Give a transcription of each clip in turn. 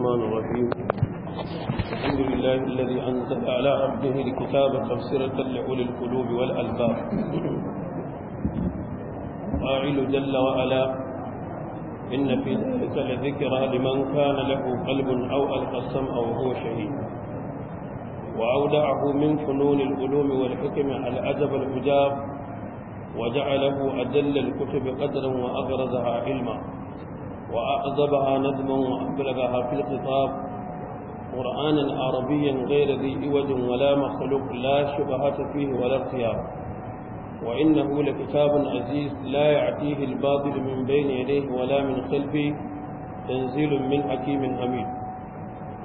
الرحمن الرحيم الحمد لله الذي أنزل على عبده الكتاب تفسيرة لأولي القلوب والألباب قائل جل وعلا إن في ذلك لذكرى لمن كان له قلب أو ألقى السمع وهو شهيد وأودعه من فنون العلوم والحكم أدب المجاب وجعله أجل الكتب قدرا وأغرزها علما وأعذبها ندما وأبلغها في الخطاب قرآنا عربيا غير ذي إوج ولا مخلوق لا شبهة فيه ولا اختيار وإنه لكتاب عزيز لا يعتيه الباطل من بين يديه ولا من خلفه تنزيل من حكيم أمين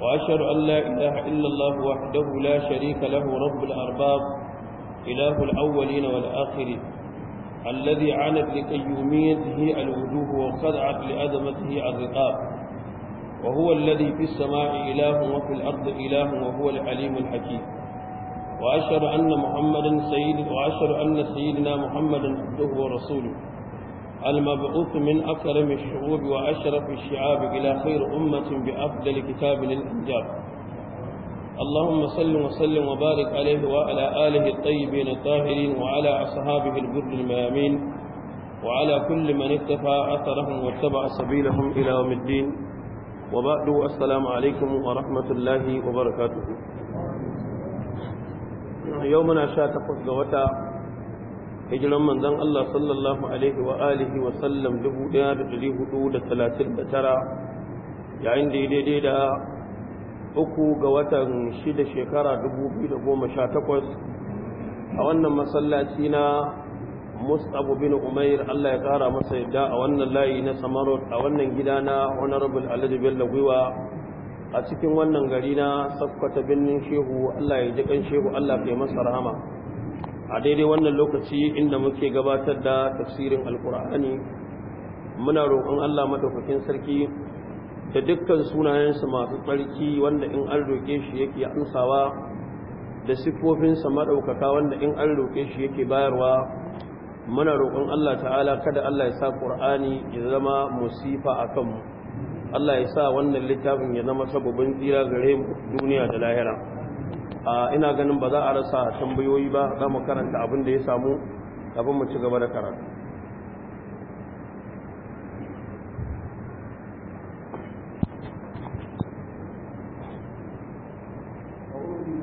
وأشهد أن لا إله إلا الله وحده لا شريك له رب الأرباب إله الأولين والآخرين الذي عانت لقيوميته الوجوه وخدعت لأدمته الرقاب وهو الذي في السماء إله وفي الأرض إله وهو العليم الحكيم وأشهد أن محمدا سيد وأشهد أن سيدنا محمدا عبده ورسوله المبعوث من أكرم الشعوب وأشرف الشعاب إلى خير أمة بأفضل كتاب للإنجاب اللهم صل وسلم وبارك عليه وعلى آله الطيبين الطاهرين وعلى أصحابه البر الميامين وعلى كل من اكتفى أثرهم واتبع سبيلهم إلى يوم الدين وبعد السلام عليكم ورحمة الله وبركاته يومنا شاتقت قوتا hijiran manzon Allah sallallahu alaihi wa alihi wa sallam 1439 yayin da daidai da uku ga watan shida shekara 2018 a wannan masallaci na mustabu bin umair Allah ya kara masa yadda a wannan layi na samarot a wannan gida na honorable alhaji bello gwiwa a cikin wannan gari na sakkwata birnin shehu Allah ya ji shehu Allah kai masa rahama a daidai wannan lokaci inda muke gabatar da tafsirin alkur'ani muna roƙon Allah madaukakin sarki da dukkan sunayensa masu tsarki wanda in an roƙe shi yake amsawa da siffofinsa maɗaukaka wanda in an roƙe shi yake bayarwa muna roƙon Allah ta'ala kada Allah ya sa ƙur'ani ya zama musifa a kanmu Allah ya sa wannan littafin ya zama sababin tsira gare mu duniya da lahira A ina ganin ba za a rasa tambayoyi ba za mu karanta abin da ya samu kafin mu ci gaba da karatu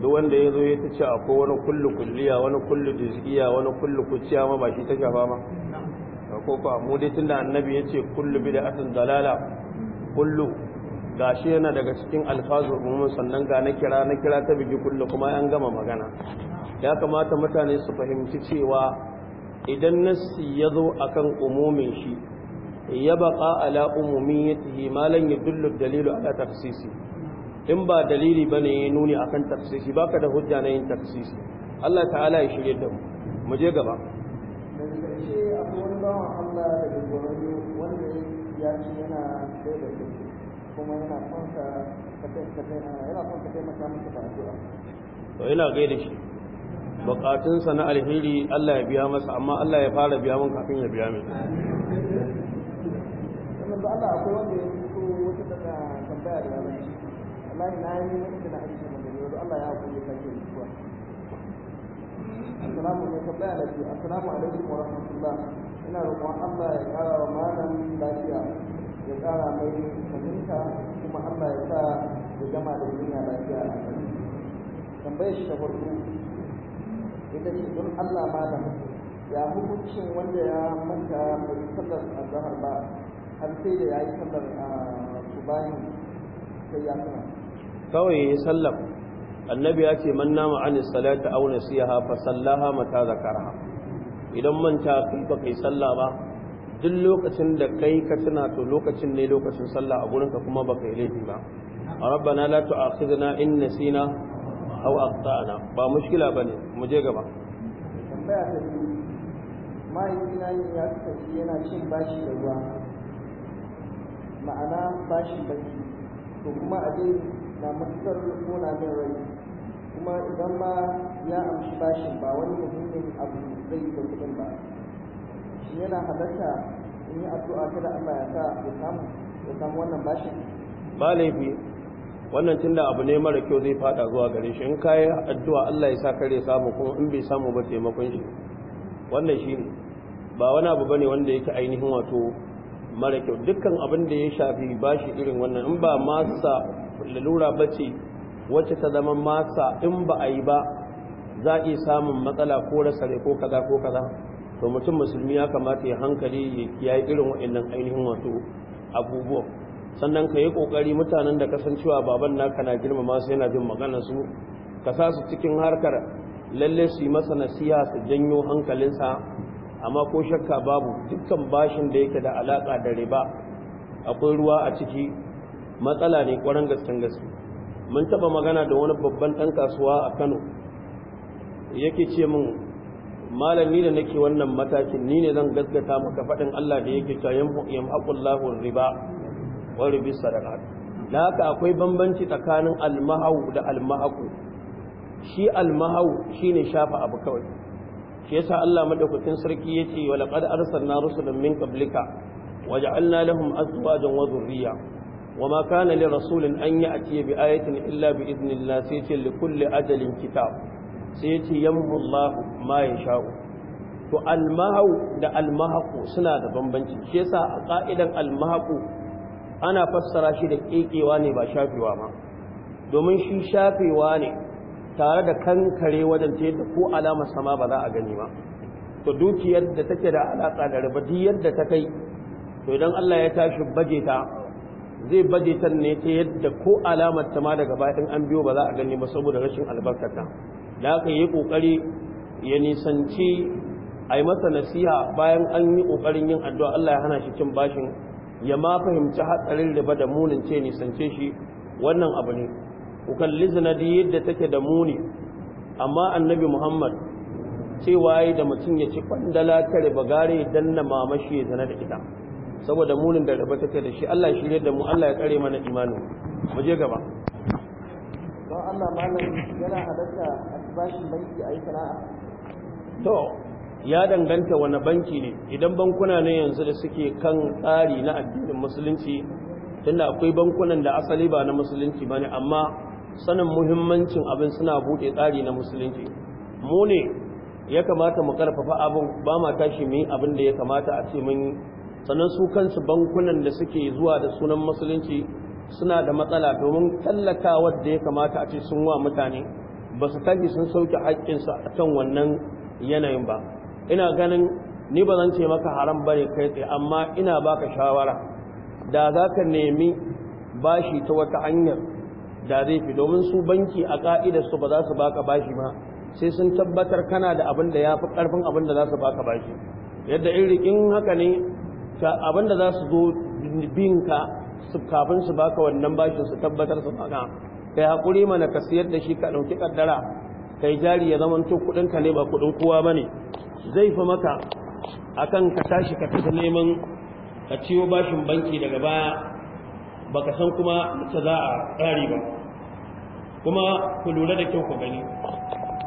duk wanda ya zo ya ta ce akwai wani kullu kulliya wani kullu jizgiya wani kullu kuciya ma ba shi ta shafa ma ko fa mu dai tunda annabi ya ce kullu bi da asin dalala kullu shi yana daga cikin alfazu umumin sannan ga na kira na kira ta biki kullu kuma yan gama magana ya kamata mutane su fahimci cewa idan nassi ya zo akan umumin shi ya baka ala umumiyatihi malam ya yadullu dalilu ala tafsisi in ba dalili ne ya nuni a akan taksisi ka da hujja na yin taksisi Allah ta'ala ya shirye da mu mu je gaba to ina gaida shi bukatunsa na alheri Allah ya biya masa amma Allah ya fara biya mun kafin ya biya mai Allah akwai wanda ya wallahi na yi wani da ake mun da yau Allah ya hakuri ka ke mutuwa assalamu alaikum da alaikum assalamu alaikum wa rahmatullah ina roƙon Allah ya ƙara wa malam lafiya ya ƙara mai fahimta kuma Allah ya sa ya gama da duniya lafiya a tambayar shi ta farko ita ce don Allah malam ya hukuncin wanda ya manta bai sallar azhar ba har sai da ya yi sallar ah, subani sai ya sanar kawai ya sallam annabi ya ce man nama an salata aw nasiha fa sallaha mata zakara idan manta kai ba kai sallah ba duk lokacin da kai ka tuna to lokacin ne lokacin sallah a gurinka kuma ba kai laifi ba rabbana la tu'akhidna in nasina aw akhtana ba mushkila bane mu je gaba mahaifina ya kasance yana cin bashi da ruwa ma'ana bashi baki to kuma a dai na matuƙar kona mai rai kuma idan ma ya amshi bashin ba wani muhimmin abu zai yi da kuɗin ba shi yana halarta in yi addu'a da Allah ya sa ya samu ya samu wannan bashin ba laifi wannan tunda abu ne mara kyau zai fada zuwa gare shi in kayi addu'a Allah ya sa kare samu kuma in bai samu ba taimakon shi wannan shi ba wani abu bane wanda yake ainihin wato mara kyau dukkan abin da ya shafi bashi irin wannan in ba masa lalura bace wacce ta zama masa in ba a yi ba za a iya samun matsala ko rasa ne ko kaza ko kaza to mutum musulmi ya kamata ya hankali ya yi irin waɗannan ainihin wato abubuwa sannan ka yi ƙoƙari mutanen da kasancewa baban naka na girmama su yana jin magana su ka sa su cikin harkar lalle su yi masa nasiha su janyo hankalinsa amma ko shakka babu dukkan bashin da yake da alaƙa da riba akwai ruwa a ciki matsala ne ƙwarar gasken gaske mun taɓa magana da wani babban ɗan kasuwa a kano yake ce min malam ni da nake wannan matakin ni ne zan gaskata maka faɗin allah da yake ta lahun riba wani ribi sadaka da haka akwai bambanci tsakanin almahau da almahaku shi almahau ne shafa abu kawai shi yasa allah madaukakin sarki ya ce wa laqad arsalna rusulan min qablika waja'alna lahum azwajan wa dhurriyya wa ma kana li rasulin an ya'ti bi ayatin illa bi idnillah sai ce li ajalin kitab sai ce yamhu Allah ma yasha'u to almahu da almahaqu suna da bambanci shi yasa a ka'idan almahaqu ana fassara shi da kekewa ne ba shafewa ma domin shi shafewa ne tare da kankare wajen ta ko alamar sama ba za a gani ba to dukiyar da take da alaka da rabadi yadda ta kai to idan Allah ya tashi baje ta zai baje ta ne ta yadda ko alamar ta ma daga bayan an biyo ba za a gani ba saboda rashin albarkata da aka yi kokari ya nisanci a yi masa nasiha bayan an yi kokarin yin addu'a Allah ya hana shi cin bashin ya ma fahimci hatsarin riba da munin ce nisance shi wannan abu ne ku kalli zinadi yadda take da muni amma annabi muhammad cewa da mutum ya ci kwandala ta riba don danna mamashi ya zana da ita saboda munin da raba take da shi Allah shirye da mu Allah ya kare mana imanin mu je gaba don Allah malam yana halatta a bashin banki a yi sana'a to ya danganta wani banki ne idan bankuna ne yanzu da suke kan tsari na addinin musulunci tunda akwai bankunan da asali ba na musulunci bane amma sanin muhimmancin abin suna buɗe tsari na musulunci mu ne ya kamata mu karfafa abin ba ma tashi mu abin da ya kamata a ce mun sannan su kansu bankunan da suke zuwa da sunan musulunci suna da matsala domin tallakawar da ya kamata a ce sun wa mutane ba su tafi sun sauke haƙƙinsu a kan wannan yanayin ba ina ganin ni ba zan ce maka haram bane kai tsaye amma ina baka shawara da za ka nemi bashi ta wata hanyar da zai fi domin su banki a su ba za su baka bashi ma sai sun tabbatar kana da abin da ya fi ƙarfin abin da za su baka bashi yadda in haka ne abinda za su zo binka su kafin su baka wannan bashin su tabbatar su baka kai haƙuri mana ka siyar da shi ka ɗauki kaddara kai jari ya zama to kudin ka ne ba kudin kowa ne. zai fi maka a kan ka tashi ka tafi neman ka ciwo bashin banki daga baya ka san kuma ta za a ɗari ba kuma ku lura da kyau ku gani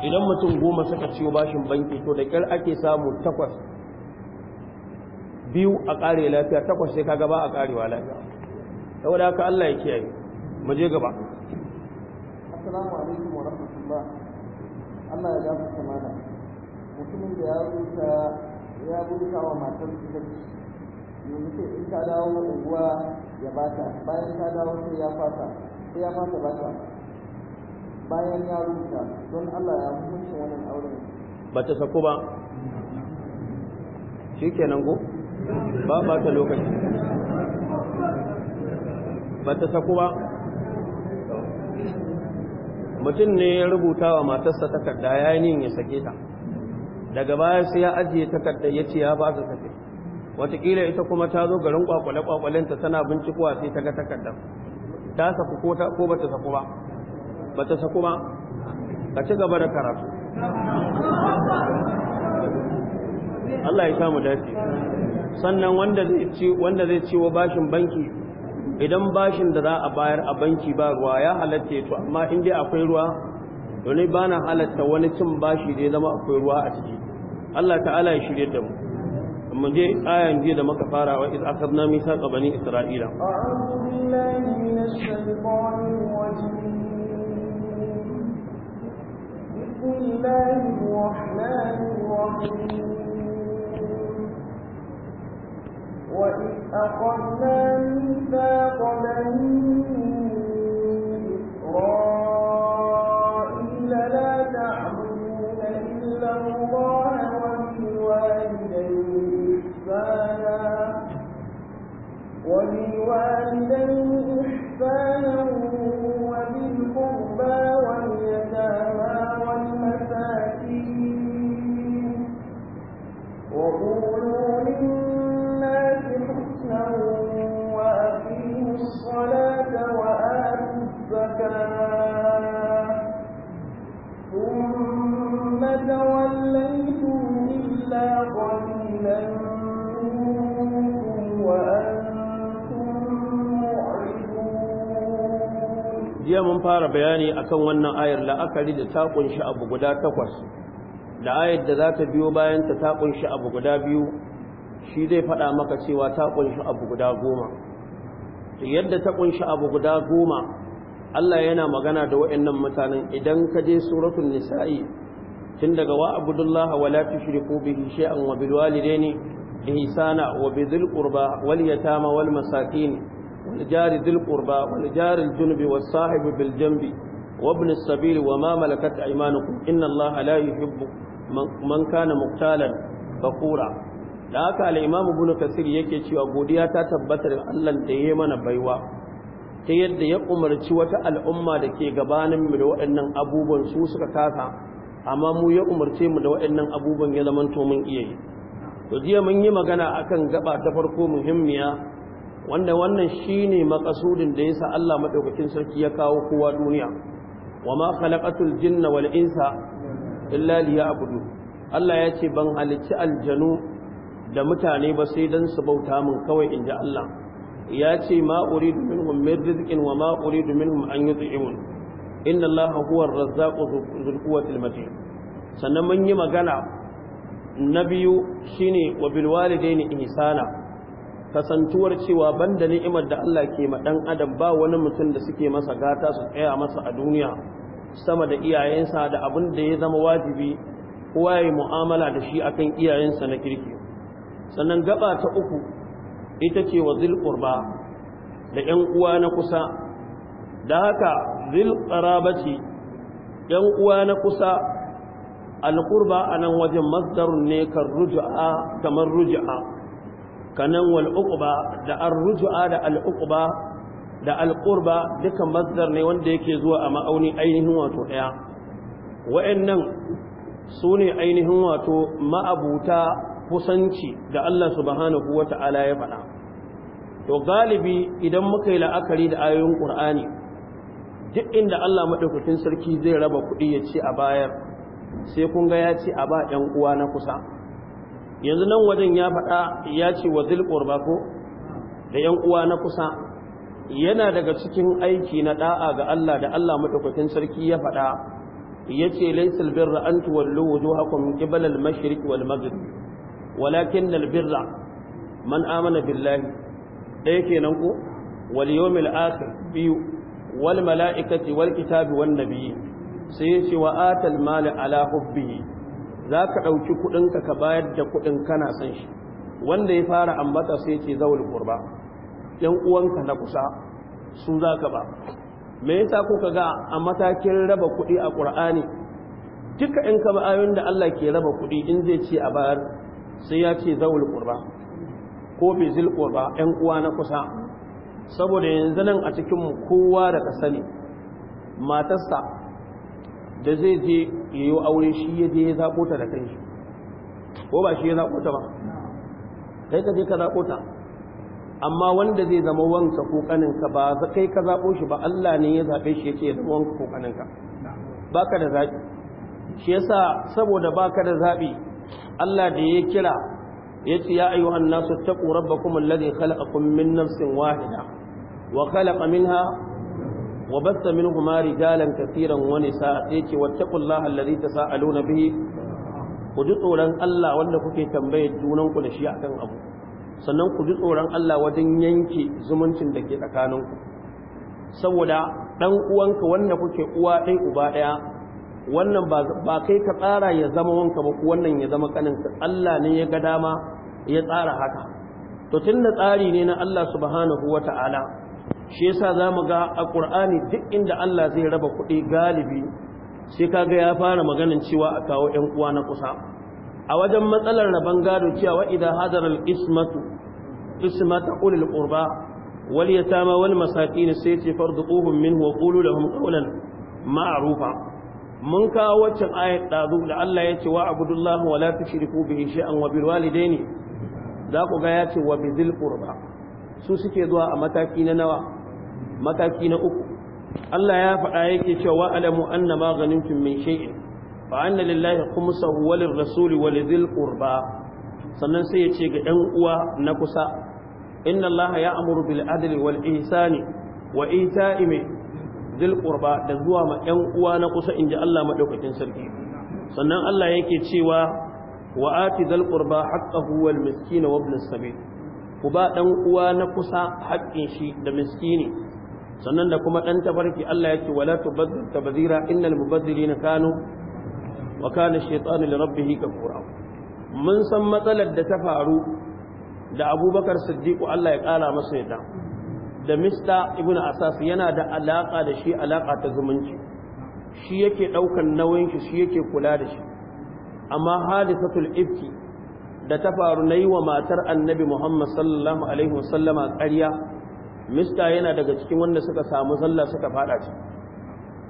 idan mutum goma suka ciwo bashin banki to da kyar ake samu takwas biyu a ƙare lafiya takwas sai ka gaba a ƙarewa lafiya da haka Allah ya kiyaye mu je gaba assalamu alaikum wa rahmatullah Allah ya gafa samana mutumin da ya rubuta ya rubuta wa matar su take yanzu ke in ta dawo unguwa ya bata bayan ta dawo sai ya fata sai ya fata bata bayan ya rusa, don Allah ya hukunci wannan auren ba ta sako ba shikenan ko ba ba ta lokaci ba ta saku ba mutum ne ya rubuta wa matarsa takarda ya yi ya sake ta daga baya sai ya ajiye takardar ya ce ya ba ta sake watakila ita kuma ta zo garin kwakwale-kwakwalenta tana bincikowa sai ta ga takardar ta saku ko ta ko ba ta saku ba ba ta saku ba ka ci gaba da karatu Allah ya samu dace sannan wanda zai ci wanda zai ciwo bashin banki idan bashin da za a bayar a banki ba ruwa ya halatta to amma in dai akwai ruwa to ne bana halatta wani cin bashi da ya zama akwai ruwa a ciki Allah ta'ala ya shirye da mu amma je ayan jiya da muka fara wa iz akhadna mithaqa bani isra'ila a'udhu billahi minash shaitanir rajim bismillahir rahmanir rahim وإذ أخذنا ميثاق بني إسرائيل لا تعبدون إلا الله وبالوالدين إحسانا وبالوالدين إحسانا وبالقربى واليتامى والمساكين وقولوا fara bayani akan wannan ayar la'akari da ta kunshi abu guda takwas da ayar da za ta biyo bayan ta ta kunshi abu guda biyu shi zai faɗa maka cewa ta kunshi abu guda goma yadda ta kunshi abu guda goma Allah yana magana da waɗannan mutanen idan ka je suratul nisa'i tun daga wa abudullahi wa la tushriku bihi shay'an wa bil walidaini ihsana wa bidhil qurba wal yatama wal masakin والجار ذي القربى والجار الجنب والصاحب بالجنب وابن السبيل وما ملكت ايمانكم ان الله لا يحب من كان مختالا bakura. da haka al-imam ibn kasir yake cewa godiya ta tabbatar Allah da yi mana baiwa ta yadda ya umarci wata al'umma da ke gabanin mu da waɗannan abubuwan su suka kasa amma mu ya umarce mu da waɗannan abubuwan ya zamanto mun iya yi to jiya mun yi magana akan gaba ta farko muhimmiya wanda wannan shi shine makasudin da ya sa Allah maɗaukacin sarki ya kawo kowa duniya wa ma khalaqatul jinna wal insa illa liya'budu Allah ya ce ban halicci aljanu da mutane ba sai dan su bauta min kawai inji Allah ya ce ma uridu minhum min rizqin wama uridu minhum an yut'imun inna Allaha huwa ar-razzaqu dhul quwwati matin sannan mun yi magana na biyu shine wa bil walidaini ihsana kasantuwar cewa banda ni'imar da Allah ke ma dan adam ba wani mutum da suke masa gata su tsaya masa a duniya sama da iyayensa da abin da ya zama wajibi kowa ya mu'amala da shi akan iyayensa na kirki sannan gaba ta uku ita ce wa zil qurba da 'yan uwa na kusa da haka zil qarabati 'yan uwa na kusa al qurba anan wajen masdarun ne kan ruj'a kamar ruj'a kanan wal uqba da ar-ruj'a da al-uqba da al-qurba duka masdar ne wanda yake zuwa a ma'auni ainihin wato daya wa'annan sune ainihin wato ma'abuta kusanci da Allah subhanahu wata'ala ya faɗa to galibi idan muka yi la'akari da ayoyin Qur'ani duk inda Allah madaukakin sarki zai raba kuɗi ya ce a bayar sai kun ga ya ce a ba 'yan uwa na kusa yanzu nan wajen ya faɗa ya ce wa zilƙurba ko da ‘yan uwa na kusa yana daga cikin aiki na ɗa'a ga Allah da Allah maɗaukakin sarki ya faɗa ya ce laisal birra an tuwallo wujo hakon ƙibalar mashirik wal maghrib walakin birra man amana billahi ɗaya kenan ko wal yawmil akhir biyu wal mala'ikati wal kitabi wan nabiyyi sai ya ce wa atal mali ala hubbi za ka ɗauki kuɗinka ka bayar da kuɗin kana san shi wanda ya fara ambata sai ce zawul kurba yan uwanka na kusa su za ka ba me yasa kuka ga a matakin raba kuɗi a ƙur'ani duka in ka ayoyin da Allah ke raba kuɗi in zai ce a bayar sai ya ce zawul kurba ko bizil kurba yan uwa na kusa saboda yanzu nan a cikin kowa da ka sani matarsa da zai je ya yi aure shi ya je ya zaɓo ta da kanshi ko ba shi ya zaɓo ta ba kai ka je ka zaɓo ta amma wanda zai zama wanka ko kaninka ba kai ka zaɓo shi ba Allah ne ya zaɓe shi ya ya zama wanka ko kaninka ba ka da zaɓi shi yasa saboda ba ka da zaɓi Allah da ya kira ya ce ya ayyuhan nasu taqu rabbakum alladhi khalaqakum min nafsin wahida wa khalaqa minha وبث منهما رجالا كثيرا ونساء يكي واتقوا الله الذي تساءلون به وجدوا لن الله وانا كي تنبيه جونان كل شيء كان أبو sannan ku ji tsoron Allah wajen yanke zumuncin da ke tsakaninku saboda dan uwanka wanda kuke uwa ɗai uba ɗaya wannan ba kai ka tsara ya zama wanka ba wannan ya zama kaninka Allah ne ya ga dama ya tsara haka to tunda tsari ne na Allah subhanahu wa Ta'ala. shi yasa zamu ga a duk inda Allah zai raba kuɗi galibi sai kaga ya fara maganin cewa a kawo ƴan uwa na kusa a wajen matsalar raban gado cewa idza hadara al-ismatu ismatu ulil qurba wal yatama wal masakin sai ce farduquhum minhu wa qulu lahum qawlan ma'rufa mun kawo waccan ayat dazu da Allah ya ce wa abudullahi wa la tushriku bihi shay'an wa bil walidaini za ku ga ya ce wa bizil qurba su suke zuwa a mataki na nawa mataki na uku Allah ya faɗa yake cewa alamu annama ganimtum min shay'in fa anna lillahi khumsahu wa lirrasuli wa lidhil qurba sannan sai ya ce ga ɗan uwa na kusa inna Allah ya'muru bil adli wal ihsani wa ita'i dhil qurba da zuwa ma 'yan uwa na kusa inji Allah madaukakin sarki sannan Allah yake cewa wa ati dhil qurba haqqahu wal miskin wa ibn as-sabil ku ba dan uwa na kusa haƙƙin shi da miskini sannan da kuma ɗan tafarki Allah ya ce wala tubazzir tabzira innal mubazzirina kanu wa kana shaytanu li rabbih kafura mun san matsalar da ta faru da Abubakar Siddiq Allah ya kara masa yadda da Mista Ibn Asas yana da alaka da shi alaka ta zumunci shi yake daukan nauyin shi shi yake kula da shi amma hadisatul ifki da ta faru nayi wa matar Annabi Muhammad sallallahu alaihi wasallama ƙarya mista yana daga cikin wanda suka samu zalla suka fada ci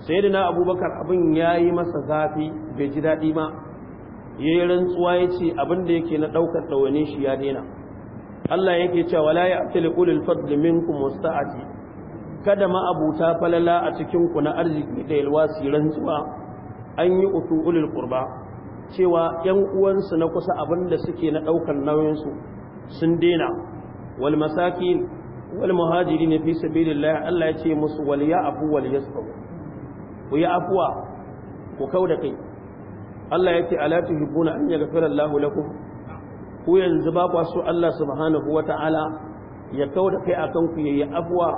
sai na abubakar abin ya yi masa zafi bai ji daɗi ma ya yi rantsuwa ya ce abin da yake na ɗaukar ɗawanin shi ya daina allah yake cewa wala ya fi ulil fadli minkum wasta'ati kada ma abuta falala a cikin ku na arziki da yalwa su rantsuwa an yi utu ulil qurba cewa yan uwansu na kusa abin da suke na ɗaukar nauyinsu sun daina wal masakin wal muhajirin fi sabilillah Allah ya ce musu wal ya'fu wal yasfu ku yi afwa ku kauda kai Allah ya ce ala tuhibbuna an yaghfira Allahu lakum ku yanzu ba kwa so Allah subhanahu wa ta'ala ya kauda kai akan ku yayi afwa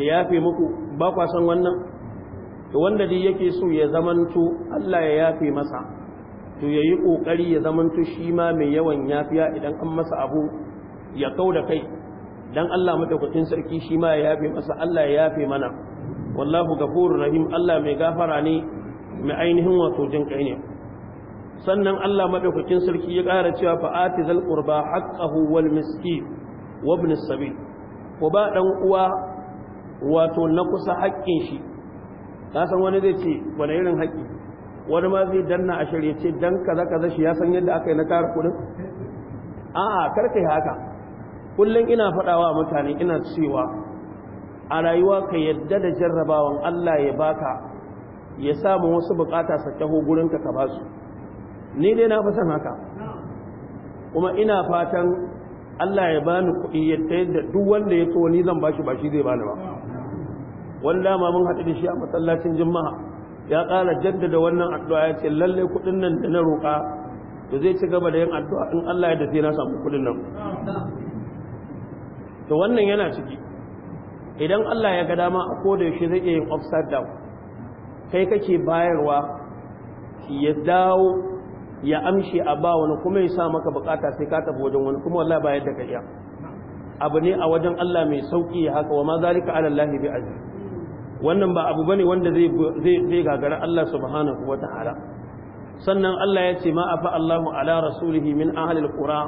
ya yafe muku ba kwa san wannan to wanda dai yake so ya zamanto Allah ya yafe masa to yayi kokari ya zamanto shi ma mai yawan yafiya idan an masa abu ya kauda kai dan Allah madaukakin sarki shi ma ya yafe masa Allah ya yafe mana wallahu ghafurur rahim Allah mai gafara ne mai ainihin wato jin kai ne sannan Allah madaukakin sarki ya ƙara cewa fa'ati zal qurba haqqahu wal miski wa ibn as-sabil ko ba dan uwa wato na kusa haƙƙin shi ka san wani zai ce wani irin haƙƙi wani ma zai danna a shirye ce dan kaza kaza shi ya san yadda aka yi na kare kudin a'a karkai haka kullum ina faɗawa mutane ina cewa a rayuwa ka yadda da jarrabawan Allah ya baka ya samu wasu bukata su taho gurinka ka ba su ni dai na fasan haka kuma ina fatan Allah ya bani kuɗi yadda yadda duk wanda ya so ni zan bashi ba shi zai bani ba wanda ma mun haɗu da shi a masallacin juma'a ya ƙara jaddada wannan addu'a ya ce lallai kuɗin nan da na roƙa to zai ci gaba da yin addu'a in Allah ya dace na samu kuɗin nan to wannan yana ciki idan Allah ya ga dama a koda yaushe zai iya yin upside down kai kake bayarwa ya dawo ya amshi a ba wani kuma ya sa maka bukata sai ka tafi wajen wani kuma wallahi bayar yadda ka abu ne a wajen Allah mai sauki haka wa ma zalika ala Allah bi aziz wannan ba abu bane wanda zai zai gagara Allah subhanahu wataala sannan Allah ya ce ma afa Allahu ala rasulihi min ahli alqura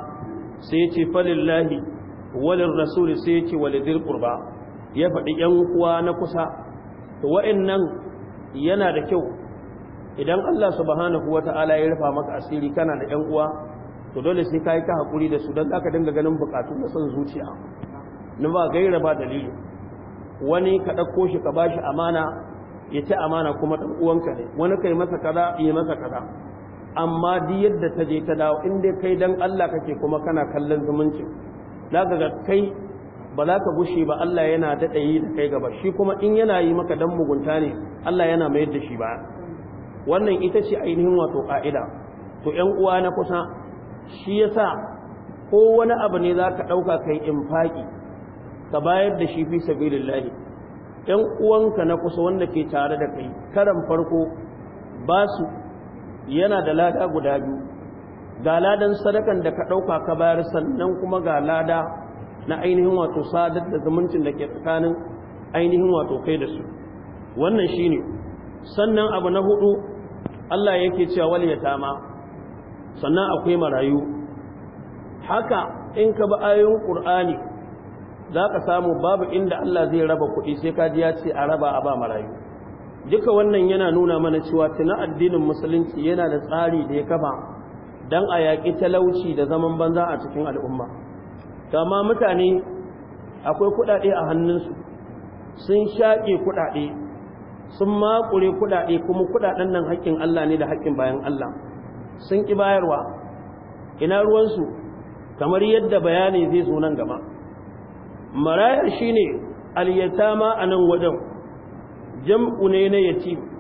sai ya ce falillahi walin rasuli sai yake walidir qurba ya faɗi yan uwa na kusa to wa'annan yana da kyau idan Allah subhanahu wata'ala ya rufa maka asiri kana da yan uwa to dole sai ka yi ka hakuri da su dan zaka dinga ganin bukatu na son zuciya ni ba gaira ba dalili wani ka dauko shi ka bashi amana ya ci amana kuma dan uwanka ne wani kai masa kaza yi masa kaza amma di yadda ta je ta dawo in dai kai dan Allah kake kuma kana kallon zumuncin na ga kai ba za ka gushe ba Allah yana daɗa yi da kai gaba shi kuma in yana yi maka dan mugunta ne Allah yana mayar da shi ba wannan ita ce ainihin wato ƙa'ida to ‘yan uwa na kusa shi ya sa ko wani abu ne za ka ɗauka kai in faƙi ka bayar da shi fi sabilin lahi ‘yan uwanka na kusa wanda ke tare da kai karan farko ba su yana da lada guda biyu ga ladan sadakan da ka ɗauka ka bayar sannan kuma ga lada na ainihin wato sadar da zumuncin da ke tsakanin ainihin wato kai da su wannan shi ne sannan abu na hudu Allah yake cewa wal yatama sannan akwai marayu haka in ka bi ayoyin Qur'ani za ka samu babu inda Allah zai raba kuɗi sai ka ji ya ce a raba a ba marayu duka wannan yana nuna mana cewa tuna addinin musulunci yana da tsari da ya kama Dan a yaƙi talauci da zaman banza a cikin al'umma kama mutane akwai kuɗaɗe a hannunsu sun shaƙe kuɗaɗe sun makure kuɗaɗe kuma kuɗaɗen nan haƙƙin Allah ne da haƙƙin bayan Allah sun ƙi bayarwa ina ruwansu kamar yadda bayani zai zo nan gaba marayar shine ma a nan wajen jam'u ne na yatim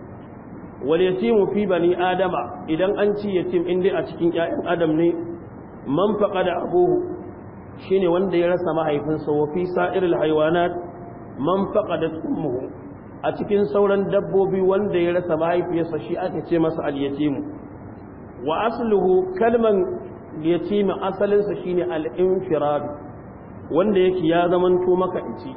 wal yatimu fi bani adama idan an ci yatim inda a cikin ƴaƴan adam ne man faqada abuhu shine wanda ya rasa mahaifinsa wa fi sa'iril haywanat man faqadat ummuhu a cikin sauran dabbobi wanda ya rasa mahaifiyarsa shi ake ce masa al yatimu wa asluhu kalman yatimu asalinsa shine al infirad wanda yake ya zamanto maka ici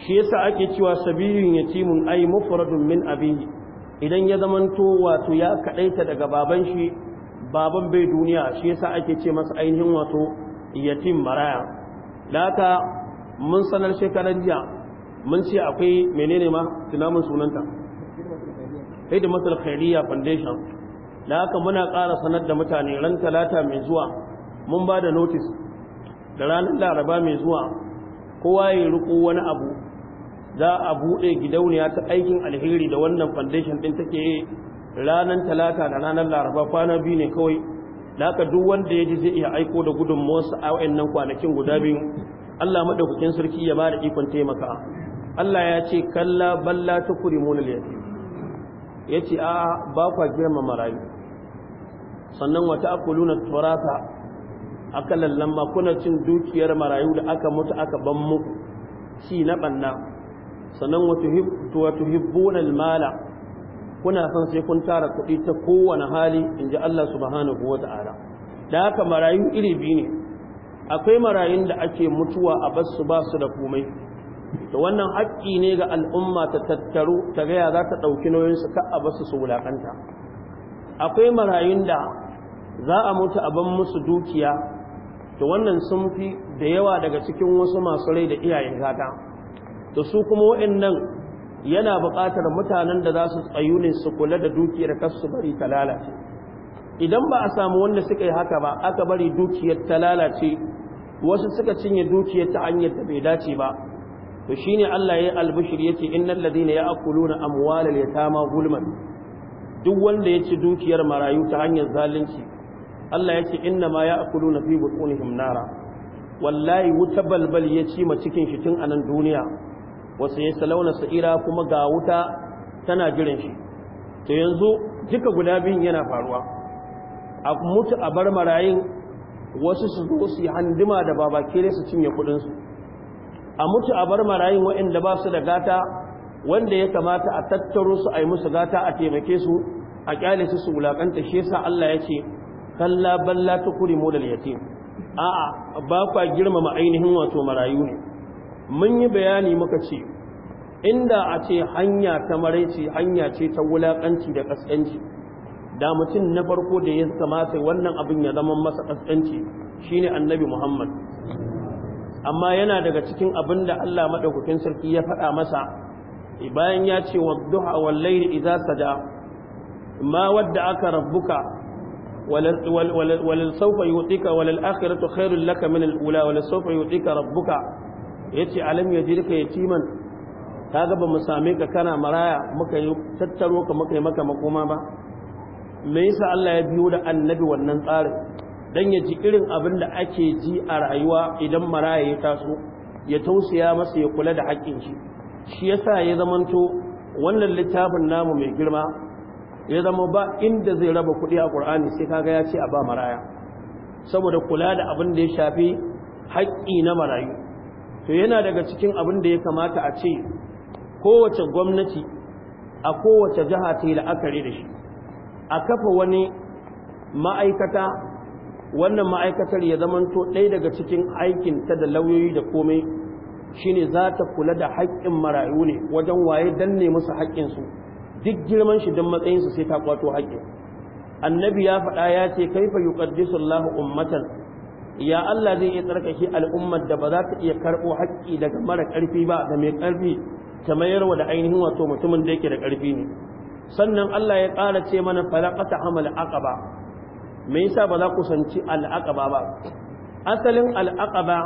shi yasa ake cewa sabirin yatimun ay mufradun min abihi idan ya zamanto wato ya kadaita daga baban shi baban bai duniya shi yasa ake ce masa ainihin wato yatim maraya da haka mun sanar shekaran jiya mun ce akwai menene ma tunamin sunanta hidimatul khairiyya foundation da haka muna ƙara sanar da mutane ran talata mai zuwa mun ba da notice da ranar laraba mai zuwa kowa ya riko wani abu za a buɗe gidauniya ta aikin alheri da wannan foundation ɗin take ranar talata da ranar laraba kwana biyu ne kawai da aka duk wanda ya ji zai iya aiko da gudunmuwarsa a wa'annan kwanakin guda biyu allah maɗaukakin sarki ya ba da ikon taimaka allah ya ce kalla balla ta kuri munal ya ce a ba kwa girma marayu sannan wata akuluna turata aka lamma kuna cin dukiyar marayu da aka mutu aka ban muku ci na banna sannan wata tuhibbuna kuna son sai kun tara kuɗi ta kowane hali in ji Allah su subhanahu ta'ala da haka marayu iri biyu ne akwai marayun da ake mutuwa a basu ba su da komai da wannan haƙƙi ne ga al'umma ta tattaro ta gaya za ta ɗauki nauyinsu ka a basu su wulaƙanta akwai marayun da za a mutu a ban musu dukiya da wannan sun fi da yawa daga cikin wasu masu rai da iyayen gata to su kuma wa'annan yana buƙatar mutanen da za su tsayu ne su kula da dukiyar kasu bari ta lalace idan ba a samu wanda suka yi haka ba aka bari dukiyar ta lalace wasu suka cinye dukiyar ta hanyar da bai dace ba to shine Allah ya albishir yace innal ladina ya'kuluna amwalal yatama gulman duk wanda ya ci dukiyar marayu ta hanyar zalunci Allah yace inna ma ya'kuluna fi butunihim nara wallahi wuta balbal ya ci ma cikin shi tun anan duniya wasu ya salauna sa'ira kuma ga wuta tana jiran shi to yanzu duka guda biyun yana faruwa a mutu a bar marayin wasu su zo su handima da babakere su cinye kudinsu a mutu a bar marayin waɗanda ba su da gata wanda ya kamata a tattaro su a yi musu gata a taimake su a kyale su su wulakanta shi yasa Allah ya ce kalla balla tukrimu lil yatim a'a ba kwa girmama ainihin wato marayu ne mun yi bayani muka ce inda a ce hanya ta maraici hanya ce ta wulaƙanci da ƙasƙanci da mutum na farko da ya kamata wannan abin ya zama masa ƙasƙanci shine annabi muhammad amma yana daga cikin abin da allah maɗaukakin sarki ya faɗa masa bayan ya ce wa duha wallahi idza saja ma wadda aka rabbuka walal sawfa yutika walal akhiratu khairul laka min al ula walal sawfa yutika rabbuka yace alam ya ya timan kaga gaba mu same ka kana maraya muka yi tattaro ka muka yi maka makoma ba me yasa Allah ya biyo da annabi wannan tsarin dan ya ji irin abin da ake ji a rayuwa idan maraya ya taso ya tausaya masa ya kula da haƙƙin shi shi yasa ya zamanto wannan littafin namu mai girma ya zama ba inda zai raba kuɗi a ƙur'ani sai kaga ya ce a ba maraya saboda kula da abin da ya shafi haƙƙi na marayu to yana daga cikin abin da ya kamata a ce kowace gwamnati a kowace jiha ta yi la'akari da shi a kafa wani ma'aikata wannan ma'aikatar ya zamanto ɗaya daga cikin aikin ta da lauyoyi da komai shine za ta kula da haƙƙin marayu ne wajen waye danne musu haƙƙinsu duk girman shi don matsayinsu sai ta kwato haƙƙin annabi ya faɗa ya ce kaifa yuqaddisu Allahu ummatan ya Allah zai iya tsarkake al'ummar da ba za ta iya karɓo haƙƙi daga mara ƙarfi ba da mai ƙarfi ta mayar wa da ainihin wato mutumin da yake da ƙarfi ne sannan Allah ya ƙara ce mana falaƙata amal aqaba me yasa ba za ku sanci al'aqaba ba asalin al'aqaba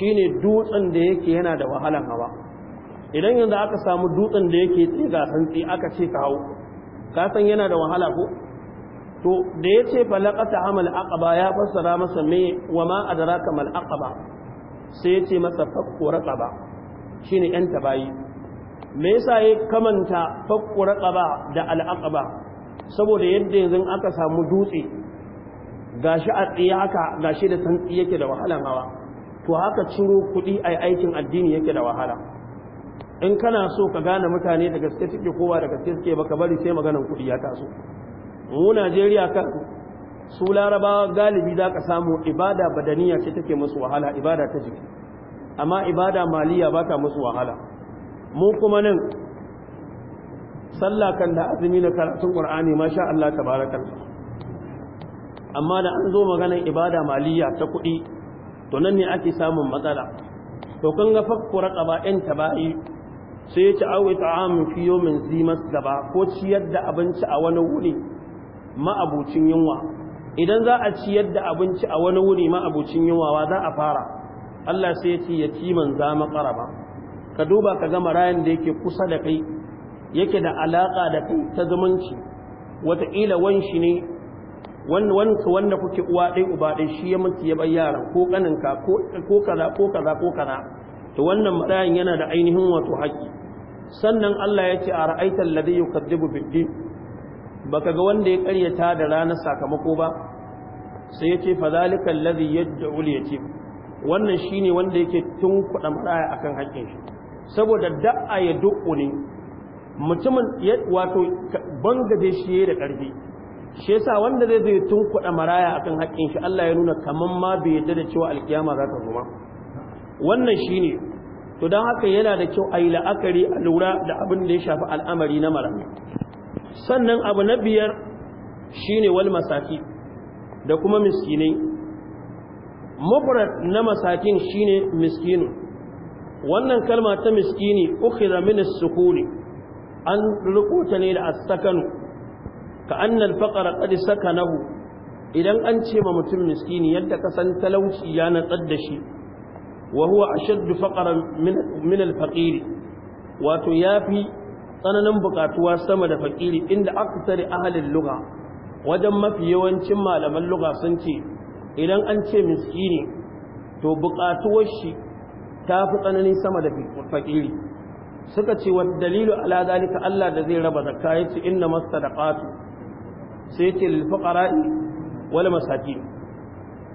shine dutsen da yake yana da wahalan hawa idan yanzu aka samu dutsen da yake tsiga santsi aka ce ka hau ka san yana da wahala ko to da ya ce falakata amal aqaba ya fassara masa me wa ma adraka mal aqaba sai ya ce masa fakku raqaba shine yan tabayi me yasa ya kamanta fakku raqaba da al aqaba saboda yadda yanzu aka samu dutse gashi a tsiye haka gashi da tsiye yake da wahalan hawa to haka ciro kuɗi ai aikin addini yake da wahala in kana so ka gane mutane da gaske suke kowa da gaske suke baka bari sai maganan kuɗi ya taso mu Najeriya kan su larabawa galibi za ka samu ibada badaniya ce take musu wahala ibada ta jiki amma ibada maliya ba ta musu wahala mu kuma nan sallah kan da azumi na karatun qur'ani masha Allah tabarakallah amma da an zo maganar ibada maliya ta kuɗi to nan ne ake samun matsala to kun ga fakkura raqaba in tabai sai ya ci awi ta'amin fi yawmin zimas gaba ko ciyar da abinci a wani wuri ma'abucin yunwa idan za a ciyar da abinci a wani wuri ma'abucin yunwa za a fara Allah sai ya ci man za qaraba ka duba ka ga marayan da yake kusa da kai yake da alaka da kai ta zumunci wataƙila wanshi ne wanda wanda kuke uwa dai uba dai shi ya mutu ya bar yaran ko ƙaninka ko kaza ko kaza ko kaza to wannan marayan yana da ainihin wato haƙƙi sannan Allah ya ce a ra'aitar ladai yukaddibu baka ga wanda ya karyata da ranar sakamako ba sai ya ce fadhalika allazi yad'u al-yatim wannan shine wanda yake tun kuɗa maraya akan haƙƙin shi saboda da'a ya du'u ne mutumin wato bangade shi da ƙarfi shi yasa wanda zai zai tun kuɗa maraya akan haƙƙin shi Allah ya nuna kaman ma bai da cewa alkiyama za ta zo ma wannan shine to don haka yana da kyau a yi la'akari a lura da abin da ya shafi al'amari na marami sannan abu na biyar shi ne wal masaki da kuma miskinai mufrad na masakin shi ne miskinu wannan kalma ta miskini ukhidha min as ne, an rukuta ne da as-sakanu ka an nan faqra ƙadi sakanahu idan an ce ma mutum miskini yadda kasan talauci ya na da shi wa huwa a shaddu min min al wato wato fi. tsananin bukatuwa sama da fakiri inda aksari ahalin luga wajen mafi yawancin malaman luga sun ce idan an ce miskini to bukatuwar shi ta fi tsanani sama da fakiri suka ce wa dalilu ala zalika Allah da zai raba zakka yace inna masadaqatu sai yace lil fuqara'i wal masakin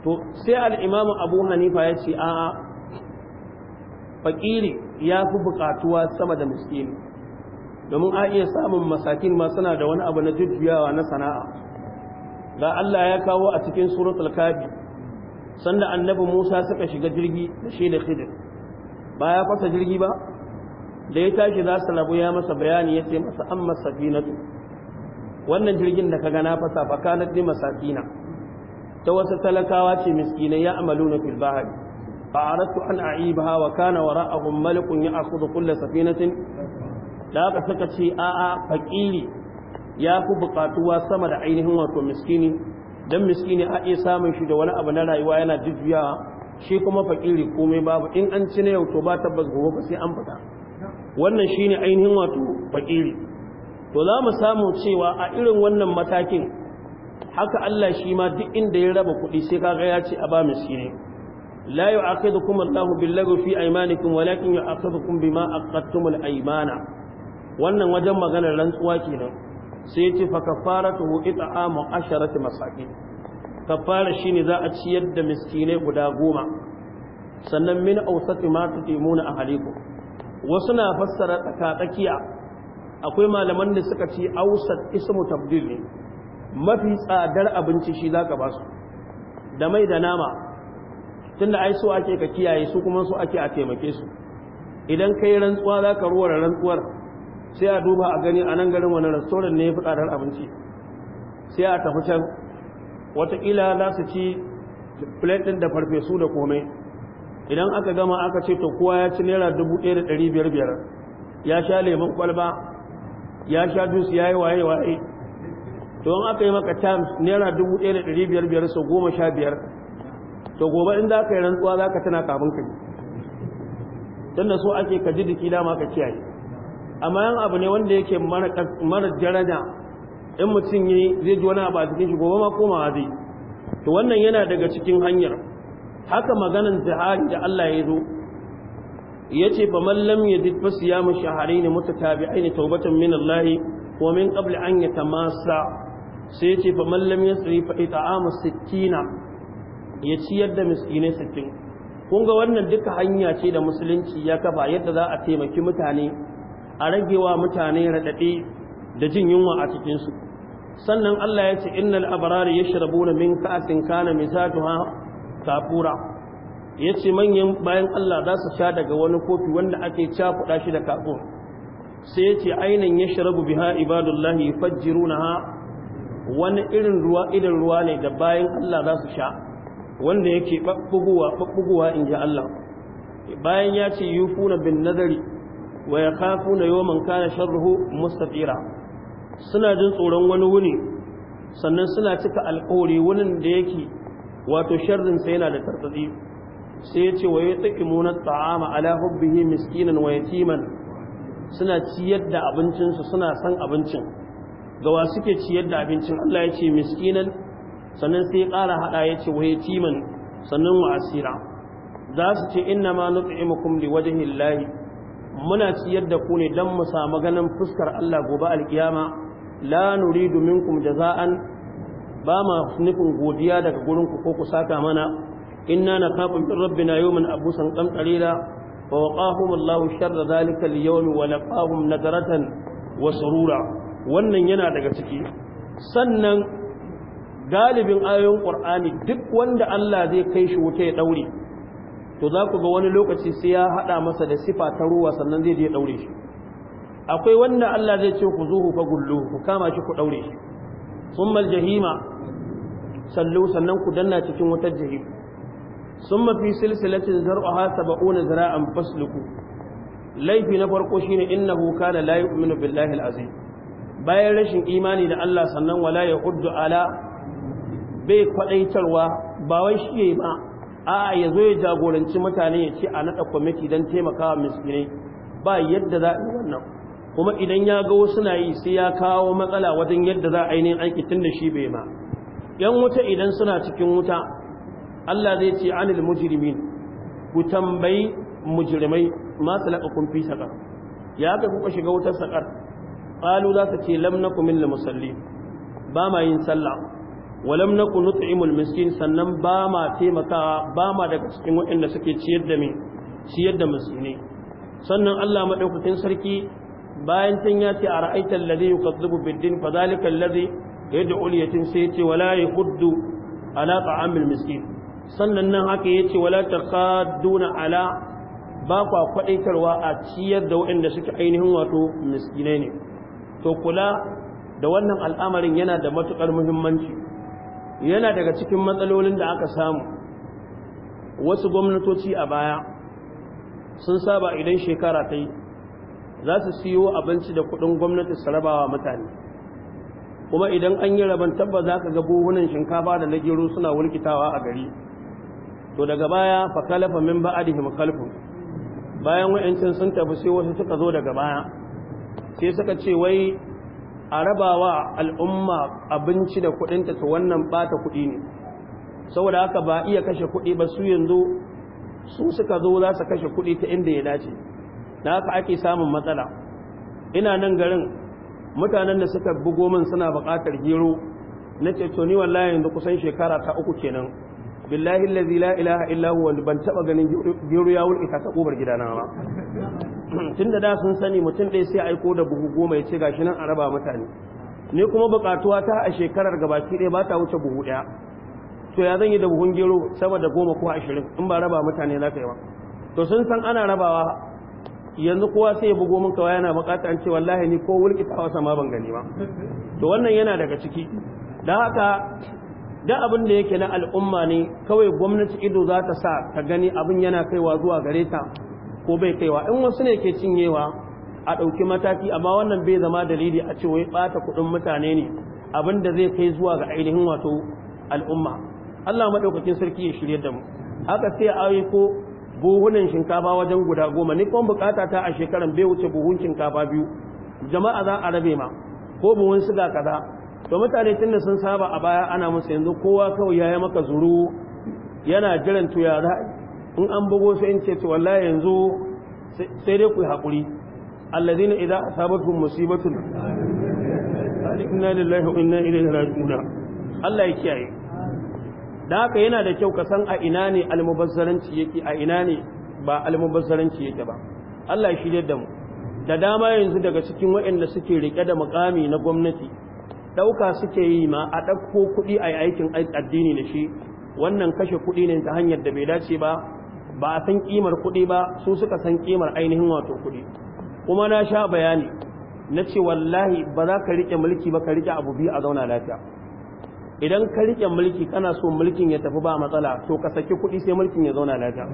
to sai al imamu abu hanifa yace a a fakiri fi bukatuwa sama da miskini domin a iya samun masakin ma suna da wani abu na jujjuyawa na sana'a ga Allah ya kawo a cikin al kabi. sanda annabi Musa suka shiga jirgi da shi da Khidir ba ya fasa jirgi ba da ya tashi za su rabu ya masa bayani ya ce masa amma safinatu wannan jirgin da kaga na fasa fa kanat ni masakina ta wasu talakawa ce miskinai ya na fil bahri fa aradtu an a'ibaha wa kana wara'ahum malikun akhudhu kull safinatin da ka suka ce a'a fakiri ya fi buƙatuwa sama da ainihin wato miskini don miskini a iya samun shi da wani abu na rayuwa yana jujjuyawa shi kuma fakiri komai babu in an ci na yau to ba tabbas gobe ba sai an fita wannan shine ainihin wato fakiri to za mu samu cewa a irin wannan matakin haka Allah shi ma duk inda ya raba kuɗi sai kaga ya ce a ba miskini la yu'aqidukum Allahu billaghwi fi aymanikum walakin yu'aqidukum bima aqadtumul aymana wannan wajen maganar rantsuwa kenan sai yace fa kafaratuhu it'amu asharati masakin kafara shine za a ciyar da miskinai guda goma sannan min awsati ma a haliku. wasu na fassara tsakatsakiya akwai malaman da suka ce ausat ismu tabdil ne mafi tsadar abinci shi zaka ka basu. da mai da nama tunda ai so ake ka kiyaye su kuma so ake a taimake su idan kai rantsuwa zaka ruwara rantsuwar sai a duba a gani a nan garin wani restoran ne ya fi tsadar abinci sai a tafi can watakila za su ci plate da farfesu da komai idan aka gama aka ce to kowa ya ci naira biyar ya sha lemon kwalba ya sha dus ya yi waye waye to an aka yi maka times naira biyar sau goma sha biyar to gobe in za ka yi rantsuwa za ka tana kafin kai tun da so ake ka ji jiki dama ka kiyaye amma yan abu ne wanda yake mara jarada, in mutum yi zai ji wani abu a cikin shi gobe ma koma zai to wannan yana daga cikin hanyar haka maganan zahari da Allah ya zo ya ce fa mallam ya dit fa siyamu shahrayn aini taubatan min Allah wa min qabl an tamasa sai ya ce fa mallam ya yasri fa it'amu 60 ya ciyar da miskinai 60 kun ga wannan duka hanya ce da musulunci ya kafa yadda za a taimaki mutane a ragewa mutane raɗaɗe da jin yunwa a cikinsu sannan Allah ya ce ya abrari na min ka'sin kana ha kafura ce manyan bayan Allah za su sha daga wani kofi wanda ake cakuɗa shi da kafur sai ya ce yace ainan yashrabu biha ibadullahi ha wani irin ruwa idan ruwa ne da bayan Allah za su sha wanda yake babbuguwa in ji Allah bayan ya ce yufuna bin nazari wa yakhafuna yawman kana sharruhu mustatira suna jin tsoron wani wuni sannan suna cika alƙawari wunin da yake wato sharrin sa yana da tartsatsi sai ya ce wa yutqimuna at'ama ala hubbihi miskinan wa yatiman suna ciyar da abincinsu suna son abincin gawa suke ciyar da abincin Allah ya ce miskinan sannan sai ya ƙara haɗa ya ce wa yatiman sannan wa asira za su ce inna ma nut'imukum liwajhi llahi muna ciyar da ku ne don mu samu ganin fuskar Allah gobe alkiyama la nuridu da za'an. ba ma nufin godiya daga gurin ko ku saka mana inna kafin min rabbina yawman abusan qamtarira fa waqahum Allah da zalika al-yawm wa laqahum nadratan wa surura wannan yana daga ciki sannan galibin ayoyin ƙur'ani duk wanda Allah zai kai shi wuta ya ɗaure. to za ku ga wani lokaci sai ya haɗa masa da sifa ta ruwa sannan zai je ɗaure shi akwai wanda Allah zai ce ku zuhu fa gullu ku kama shi ku ɗaure shi summa jahima sallu sannan ku danna cikin wutar jahim summa fi silsilatin zar'uha sab'una zira'an fasluku laifi na farko shine innahu kana la yu'minu billahi al bayan rashin imani da Allah sannan wala ya ala bai kwadaitarwa ba wai shi yayi ba A'a, ya zo ya jagoranci mutane ya ce a naɗa kwamiti don taimakawa miskinai ba yadda za a yi wannan kuma idan ya ga wasu na yi sai ya kawo matsala wajen yadda za a ainihin aiki tun da shi bai ma yan wuta idan suna cikin wuta Allah zai ce anil mujrimin ku tambayi mujrimai ma salakakum fi sakar, ya ga kuka shiga wutar sakar, qalu za ta ce lam nakum min musalli, ba ma yin sallah walam naku nut'imul miskin sannan ba ma taimakawa ba ma daga cikin waɗanda suke ciyar da mai ciyar da sannan Allah madaukakin sarki bayan tun ya ce a ra'aitar ladhi yukazzibu bid-din fa zalika alladhi yad'u al-yatim sai yace wala yahuddu ala ta'amil miskin sannan nan haka yace wala taqadduna ala ba kwa a ciyar da waɗanda suke ainihin wato miskinai ne to kula da wannan al'amarin yana da matukar muhimmanci yana daga cikin matsalolin da aka samu wasu gwamnatoci a baya sun saba idan shekara ta yi za su siyo abinci da kudin gwamnati su rabawa mutane kuma idan an yi rabon tabba za ka ga buhunan shinkafa da na gero suna wulkitawa a gari to daga baya fakalafa min ba ba'dihim khalfun bayan wa'ancin sun tafi sai wasu suka zo daga baya sai suka ce wai a rabawa al'umma abinci da kudinta ta wannan bata kudi ne saboda haka ba iya kashe kudi ba su yanzu su suka zo za su kashe kudi ta inda ya dace da haka ake samun matsala ina nan garin mutanen da suka bugo min suna bukatar gero na ce to ni wallahi yanzu kusan shekara ta uku kenan billahi allazi la ilaha illa ban taba ganin gero ya wulke ta kobar gidana ma. Hmm, tunda da sun sani mutum ɗaya sai aiko da buhu goma ya ce gashi nan a raba mutane ne kuma buƙatuwa ta a shekarar gabaki ɗaya ba ta wuce buhu ɗaya to ya zan yi da buhun gero sama da goma ko ashirin in ba raba mutane za ka yi ba to sun san ana rabawa yanzu kowa sai ya bugo min kawai yana bukata an ce wallahi ni ko ta wasa ma ban gani ba to wannan yana daga ciki don haka da abin da yake na al'umma ne kawai gwamnati ido za ta sa ta gani abin yana kaiwa zuwa gare ta ko bai kaiwa in wasu ne ke cinyewa a ɗauki mataki amma wannan bai zama dalili a ce wai ɓata kuɗin mutane ne abin da zai kai zuwa ga ainihin wato al'umma Allah maɗaukakin sarki ya shirya da mu haka sai yi ko buhunan shinkafa wajen guda goma ni kuma bukata ta a shekaran bai wuce buhun shinkafa biyu jama'a za a rabe ma ko buhun siga kaza to mutane tun da sun saba a baya ana musu yanzu kowa kawai ya yi maka zuru yana jiran tuya za in an bugo sai in ce to wallahi yanzu sai dai ku yi haƙuri allazina idza asabatkum musibatun inna lillahi wa inna ilaihi raji'un Allah ya kiyaye da haka yana da kyau ka san a ina ne almubazzaranci yake a ina ne ba almubazzaranci yake ba Allah ya shirye da mu da dama yanzu daga cikin waɗanda suke rike da mukami na gwamnati ɗauka suke yi ma a ɗauko kuɗi a aikin addini da shi wannan kashe kuɗi ne ta hanyar da bai dace ba ba a san kimar kuɗi ba su suka san kimar ainihin wato kuɗi kuma na sha bayani na ce wallahi ba za ka riƙe mulki ba ka riƙe abu biyu a zauna lafiya idan ka riƙe mulki kana so mulkin ya tafi ba matsala to ka saki kuɗi sai mulkin ya zauna lafiya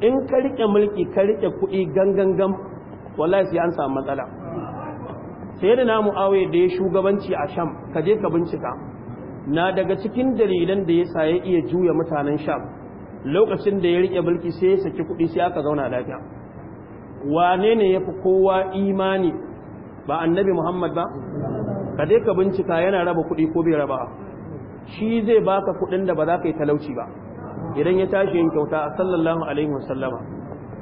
in ka riƙe mulki ka riƙe kuɗi gangangan wallahi sai an samu matsala sai da namu awe da ya shugabanci a sham ka je ka bincika na daga cikin dalilan da ya sa ya iya juya mutanen sham lokacin da ya rike mulki sai ya saki kuɗi sai aka zauna lafiya wane ne ya fi kowa imani ba annabi muhammad ba ka dai ka bincika yana raba kuɗi ko bai raba shi zai baka kuɗin da ba za ka yi talauci ba idan ya tashi yin kyauta sallallahu alaihi wasallama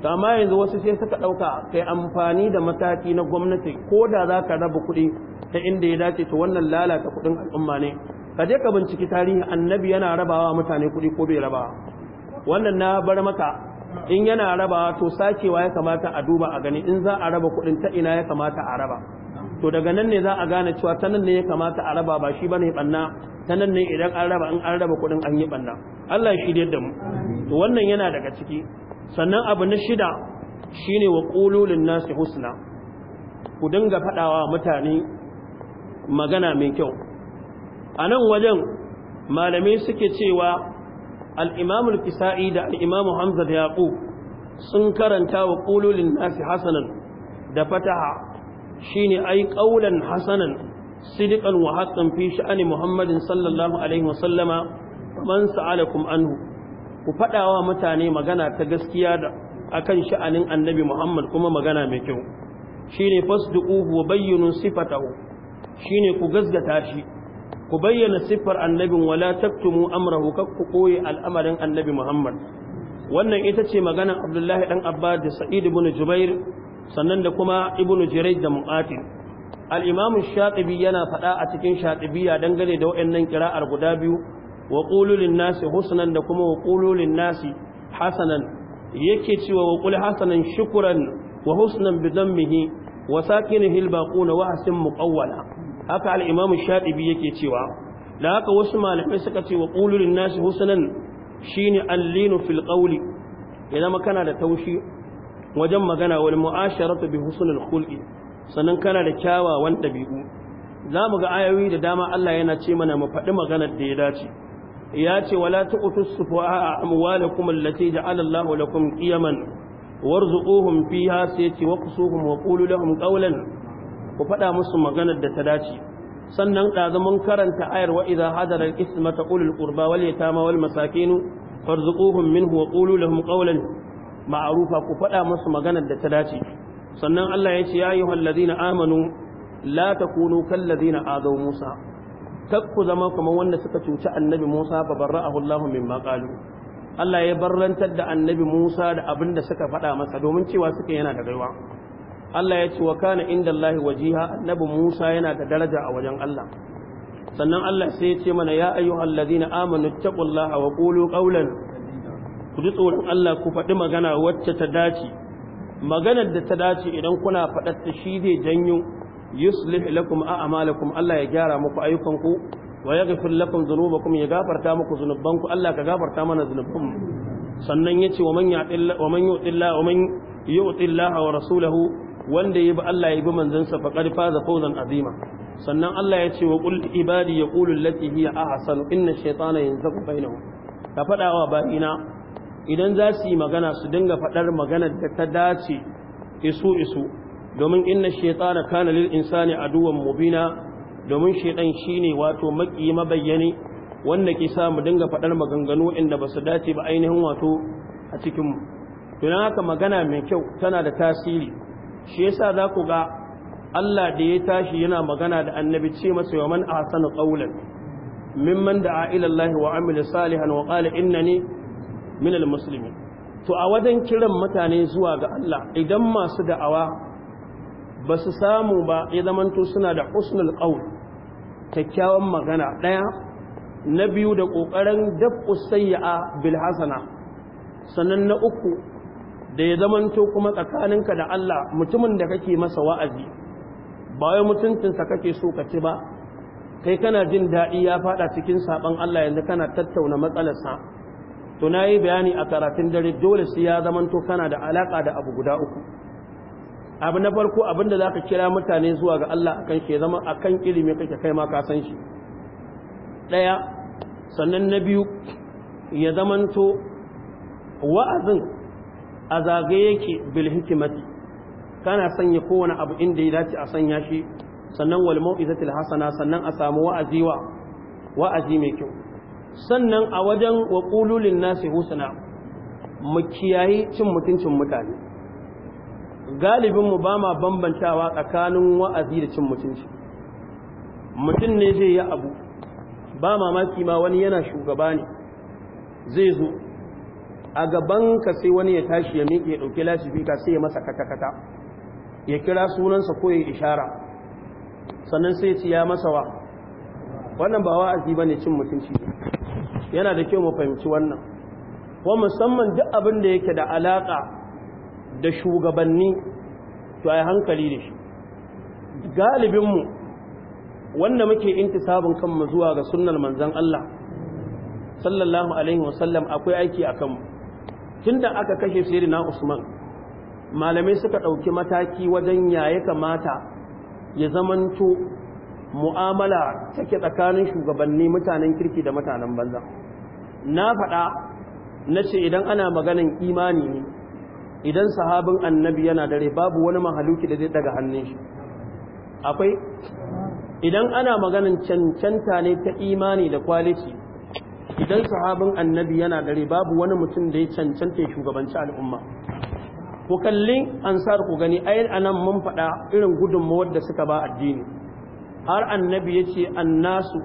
to amma yanzu wasu sai suka ɗauka kai amfani da mataki na gwamnati ko da za ka raba kuɗi ta inda ya dace to wannan lalata kuɗin al'umma ne ka je ka binciki tarihi annabi yana rabawa mutane kuɗi ko bai rabawa wannan na bar maka in yana raba to sakewa ya kamata a duba a gani in za a raba kudin ta ina ya kamata a raba to daga nan ne za a gane cewa ta nan ne ya kamata a raba ba shi bane banna ta nan ne idan an raba in an raba kudin an yi banna Allah ya shirye da mu to wannan yana daga ciki sannan abu na shida shine wa qulu lin nasi husna ku dinga fadawa mutane magana mai kyau a nan wajen malamai suke cewa al-imam da al-imam hamza da yaqub sun karanta wa qululin nasi hasanan da fataha shine ai qaulan Hassanan, sidikan wa haqqan fi sha'ani muhammadin sallallahu alaihi wa anhu ku fadawa mutane magana ta gaskiya da akan sha'anin annabi muhammad kuma magana mai kyau shine fasduquhu wa bayyinu sifatahu shine ku gazgata shi ku bayyana siffar annabin wala taktumu amrahu kak ku koyi al'amarin annabi Muhammad wannan ita ce maganar Abdullahi dan Abba da Sa'id ibn Jubair sannan da kuma Ibn Jurayj da Mu'atil al-Imam Shatibi yana faɗa a cikin Shatibiya dangane da wayannan kira'ar guda biyu wa qulu lin-nasi husnan da kuma wa qulu lin-nasi hasanan yake cewa wa qul hasanan shukran wa husnan bi dhammihi wa saqinihil baquna wa asim muqawwala haka al-imam shatibi yake cewa da haka wasu malamai suka ce wa qulul nasi shi shine allinu fil qawli ya zama kana da taushi wajen magana wani mu'asharatu bi husnul khulqi sannan kana da kyawawan dabi'u zamu ga ayoyi da dama Allah yana ce mana mu faɗi maganar da ya dace ya ce wala a sufaha amwalakum allati ja'ala Allahu lakum qiyaman warzuquhum fiha sayati waqsuhum wa qulu lahum qawlan ku faɗa musu maganar da ta dace sannan mun karanta ayar wa'iza hadarar ismata ulul ƙurba wal yatama wal masakinu farzuquhum minhu wa qulu lahum qawlan ma'rufa ku faɗa musu maganar da ta dace sannan Allah ya ce ya ayyuhal ladina amanu la takunu kal ladina adaw Musa takku zama kamar wanda suka cuci annabi Musa fa barra'ahu Allahu mimma qalu Allah ya barrantar da annabi Musa da abin da suka faɗa masa domin cewa suka yana da gaiwa Allah ya ce wa kana inda Allah wajiha annabi Musa yana da daraja a wajen Allah sannan Allah sai ya ce mana ya ayyuhal ladina amanu taqullaha wa qulu qawlan ku ji tsoron Allah ku faɗi magana wacce ta dace maganar da ta dace idan kuna faɗar ta shi zai janyo yuslih lakum a'malakum Allah ya gyara muku ayyukan ku, wa yaghfir lakum dhunubakum ya gafarta muku zunuban ku Allah ka gafarta mana zunubanmu sannan yace wa man yu'ti Allah wa man yu'ti wa man yu'ti wa rasulahu wanda ya ba Allah ya bi manzansa faqad faza fawzan azima sannan Allah ya ce wa ƙul ibadi ya ƙulun lati hiya hasan inna ash-shaytana yanzabu bainahum ka faɗa wa baina idan za su yi magana su dinga faɗar magana da ta dace isu isu domin inna shaitana kana lil insani aduwwan mubina domin shi shine wato maƙi mabayyane wanda ke sa mu dinga faɗar maganganu inda ba su dace ba ainihin wato a cikin mu haka magana mai kyau tana da tasiri shi yasa za ku ga Allah da ya tashi yana magana da annabi ce masa a man ahsanu qawlan mimman da ila wa amila salihan wa qala innani min almuslimin to a wajen kiran mutane zuwa ga Allah idan masu da'awa ba su samu ba ya zamanto suna da husnul ƙaun kyakkyawan magana ɗaya na biyu da ƙoƙarin dabu sayya'a bil hasana sannan na uku da ya zamanto kuma tsakaninka da Allah mutumin da kake masa wa'azi ba wai mutuncinsa kake so ka ci ba kai kana jin daɗi ya faɗa cikin saɓon Allah yanzu kana tattauna matsalarsa to na yi bayani a karatun dare dole sai ya zamanto kana da alaƙa da abu guda uku abu na farko abin da za ka kira mutane zuwa ga Allah akan shi zama akan ilimi kake kai ma ka san shi ɗaya sannan na biyu ya zamanto wa'azin a zagaye yake bil hikimati kana sanya kowane abu inda ya dace a sanya shi sannan wal mau'izatil hasana sannan a samu wa'azi wa wa'azi mai kyau sannan a wajen wa qululin nasi husna mu kiyayi cin mutuncin mutane galibin mu ba ma bambantawa tsakanin wa'azi da cin mutunci mutum ne zai yi abu ba mamaki ma wani yana shugaba ne zai zo a gaban ka sai wani ya tashi ya miƙe ɗauki lasifika sai ya masa kata ya kira sunansa ko ya ishara sannan sai ci ya masa wa wannan ba wa'azi ba ne cin mutunci yana da kyau mu fahimci wannan Wa musamman duk abin da yake da alaƙa da shugabanni to a hankali da shi galibinmu wanda muke intisabin kanmu zuwa ga sunnar manzon Allah sallallahu alaihi wasallam akwai aiki a kanmu tunda aka kashe sirina usman malamai suka ɗauki mataki wajen ya kamata ya zamanto mu'amala take tsakanin shugabanni mutanen kirki da mutanen banza na faɗa na ce idan ana maganin imani ne idan sahabin annabi yana dare babu wani mahaluki da zai daga hannun shi akwai idan ana maganin cancanta ne ta imani da kwaliti idan sahabin annabi yana dare babu wani mutum da ya cancanta ya shugabanci al'umma ku kalli ansar ku gani ai anan mun faɗa irin gudunmawar da suka ba addini har annabi ya ce annasu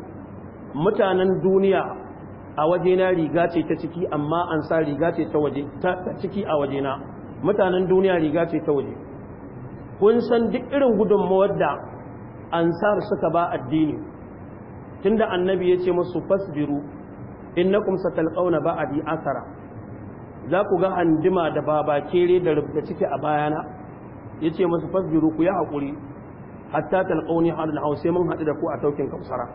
mutanen duniya a wajena riga ce ta ciki amma ansar riga ce ta waje ta ciki a wajena mutanen duniya riga ce ta waje kun san duk irin gudunmawar da ansar suka ba addini tunda annabi ya ce musu fasbiru innakum satalqawna ba'di asara za ku ga handima da babakere da rubuta ciki a bayana yace musu fasjuru ku ya hakuri hatta talqawni hal hausa mun hadu da ku a taukin kafsara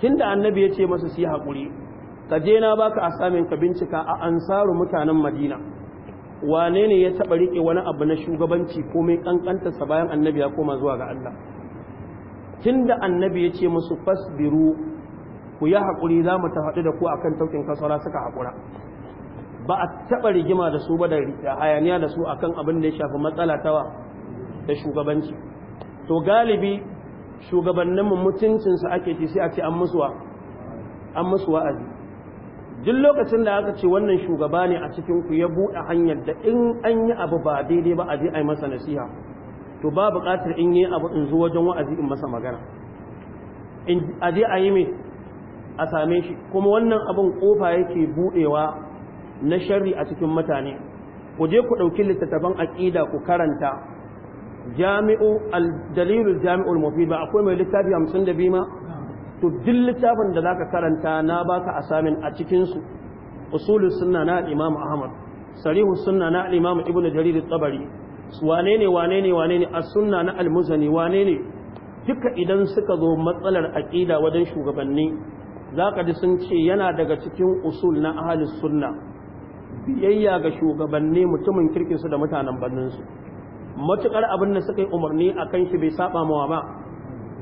tunda annabi yace musu su yi hakuri ka je na baka asamin ka bincika a ansaru mutanen madina wane ne ya taba rike wani abu na shugabanci mai kankanta sa bayan annabi ya koma zuwa ga Allah tinda annabi yace musu fasbiru ku yi haƙuri za mu ta haɗu da ku akan taukin kasara suka haƙura ba a taɓa rigima da su ba da hayaniya da su akan abin da ya shafi matsala tawa da shugabanci to galibi shugabanninmu mutuncinsu ake ci sai a ce an musuwa an musuwa a duk lokacin da aka ce wannan shugaba ne a cikin ku ya buɗe hanyar da in an yi abu ba daidai ba a je a yi masa nasiha to ba buƙatar in yi abu in zo wajen wa'azi in masa magana in a je a yi mai a same shi kuma wannan abin kofa yake budewa na sharri a cikin mutane ku je ku dauki littattafan aqida ku karanta jami'u al-dalilul jami'ul mufid ba akwai mai littafi 52 ma to duk littafin da zaka karanta na baka asamin a cikin su usulus sunna na imam ahmad sarihu sunna na imam ibnu jarir at-tabari wane ne wane ne wane ne as-sunna na al-muzani wane ne duka idan suka zo matsalar aqida wajen shugabanni za ka ji sun ce yana daga cikin usul na ahalis sunna biyayya ga shugabanni mutumin kirkinsu da mutanen banninsu matuƙar abin da suka yi umarni a kan shi bai saba mawa ba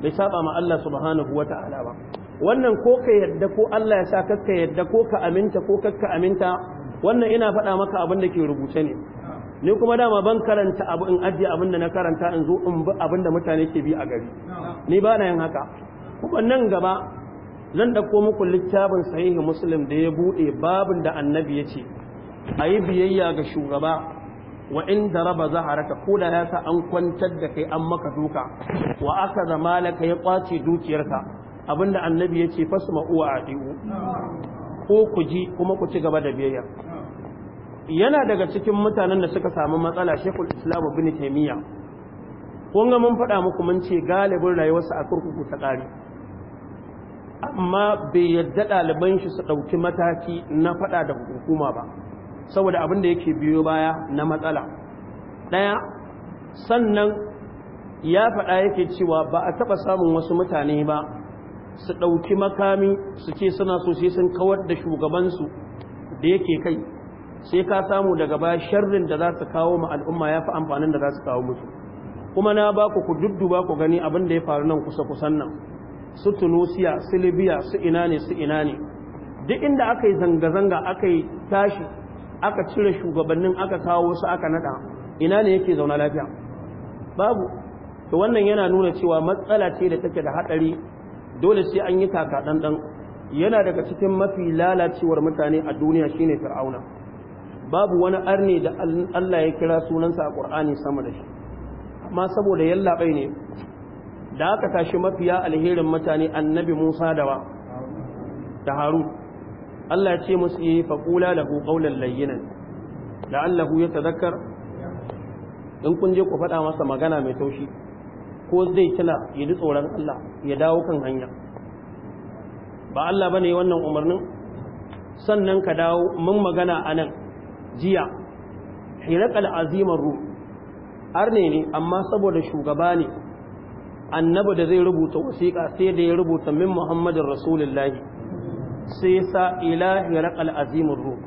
bai saba ma Allah subhanahu wa ta'ala ba wannan ko ka yadda ko Allah ya sa kakka yadda ko ka aminta ko kakka aminta wannan ina faɗa maka abin da ke rubuce ne ni kuma dama ban karanta abu in ajiye abin da na karanta in zo in bi abin da mutane ke bi a gari ni ba na yin haka kuma nan gaba Nan da ko muku littafin sahihi muslim da ya bude babin da annabi ya ce a yi biyayya ga shugaba wa inda raba zaharaka ko da ya sa an kwantar da kai an maka duka wa aka zama laka ya kwace dukiyarka abinda annabi ya ce fasma uwa a ɗiwu ko ku ji kuma ku ci gaba da biyayya yana daga cikin mutanen da suka samu matsala shekul islam bin taimiyya kun ga mun faɗa muku mun ce galibin rayuwarsa a kurkuku ta ƙari amma bai yadda ɗaliban shi su ɗauki mataki na faɗa da hukuma ba saboda abin da yake biyo baya na matsala ɗaya sannan ya faɗa yake cewa ba a taɓa samun wasu mutane ba su ɗauki makami su ce suna so sai sun kawar da shugabansu da yake kai sai ka samu daga baya sharrin da za su kawo ma al'umma ya fi amfanin da za su kawo musu kuma na ba ku ku dudduba ku gani abin da ya faru nan kusa kusan nan su tunusiya su libya su ina ne su ina ne duk inda aka yi zanga-zanga aka yi tashi aka cire shugabannin aka kawo su aka nada ina ne yake zauna lafiya babu to wannan yana nuna cewa matsala ce da take da hadari dole sai an yi taka dandan yana daga cikin mafi lalacewar mutane a duniya shine fir'auna babu wani arne da Allah ya kira sunansa a Qur'ani sama da shi amma saboda yallaɓai ne da aka tashi mafiya alherin mutane annabi Musa dawa da Harun Allah ce musu yi faqula lahu qawlan layyinan la'allahu yatadhakkar in kun je ku faɗa masa magana mai taushi ko zai tuna ya ji tsoron Allah ya dawo kan hanya ba Allah bane wannan umarnin sannan ka dawo mun magana a nan jiya hiraqal azimar ru arne ne amma saboda shugaba ne annabi da zai rubuta wasiƙa sai da ya rubuta min muhammadin rasulullahi sai sa ila hirakal azimin ruh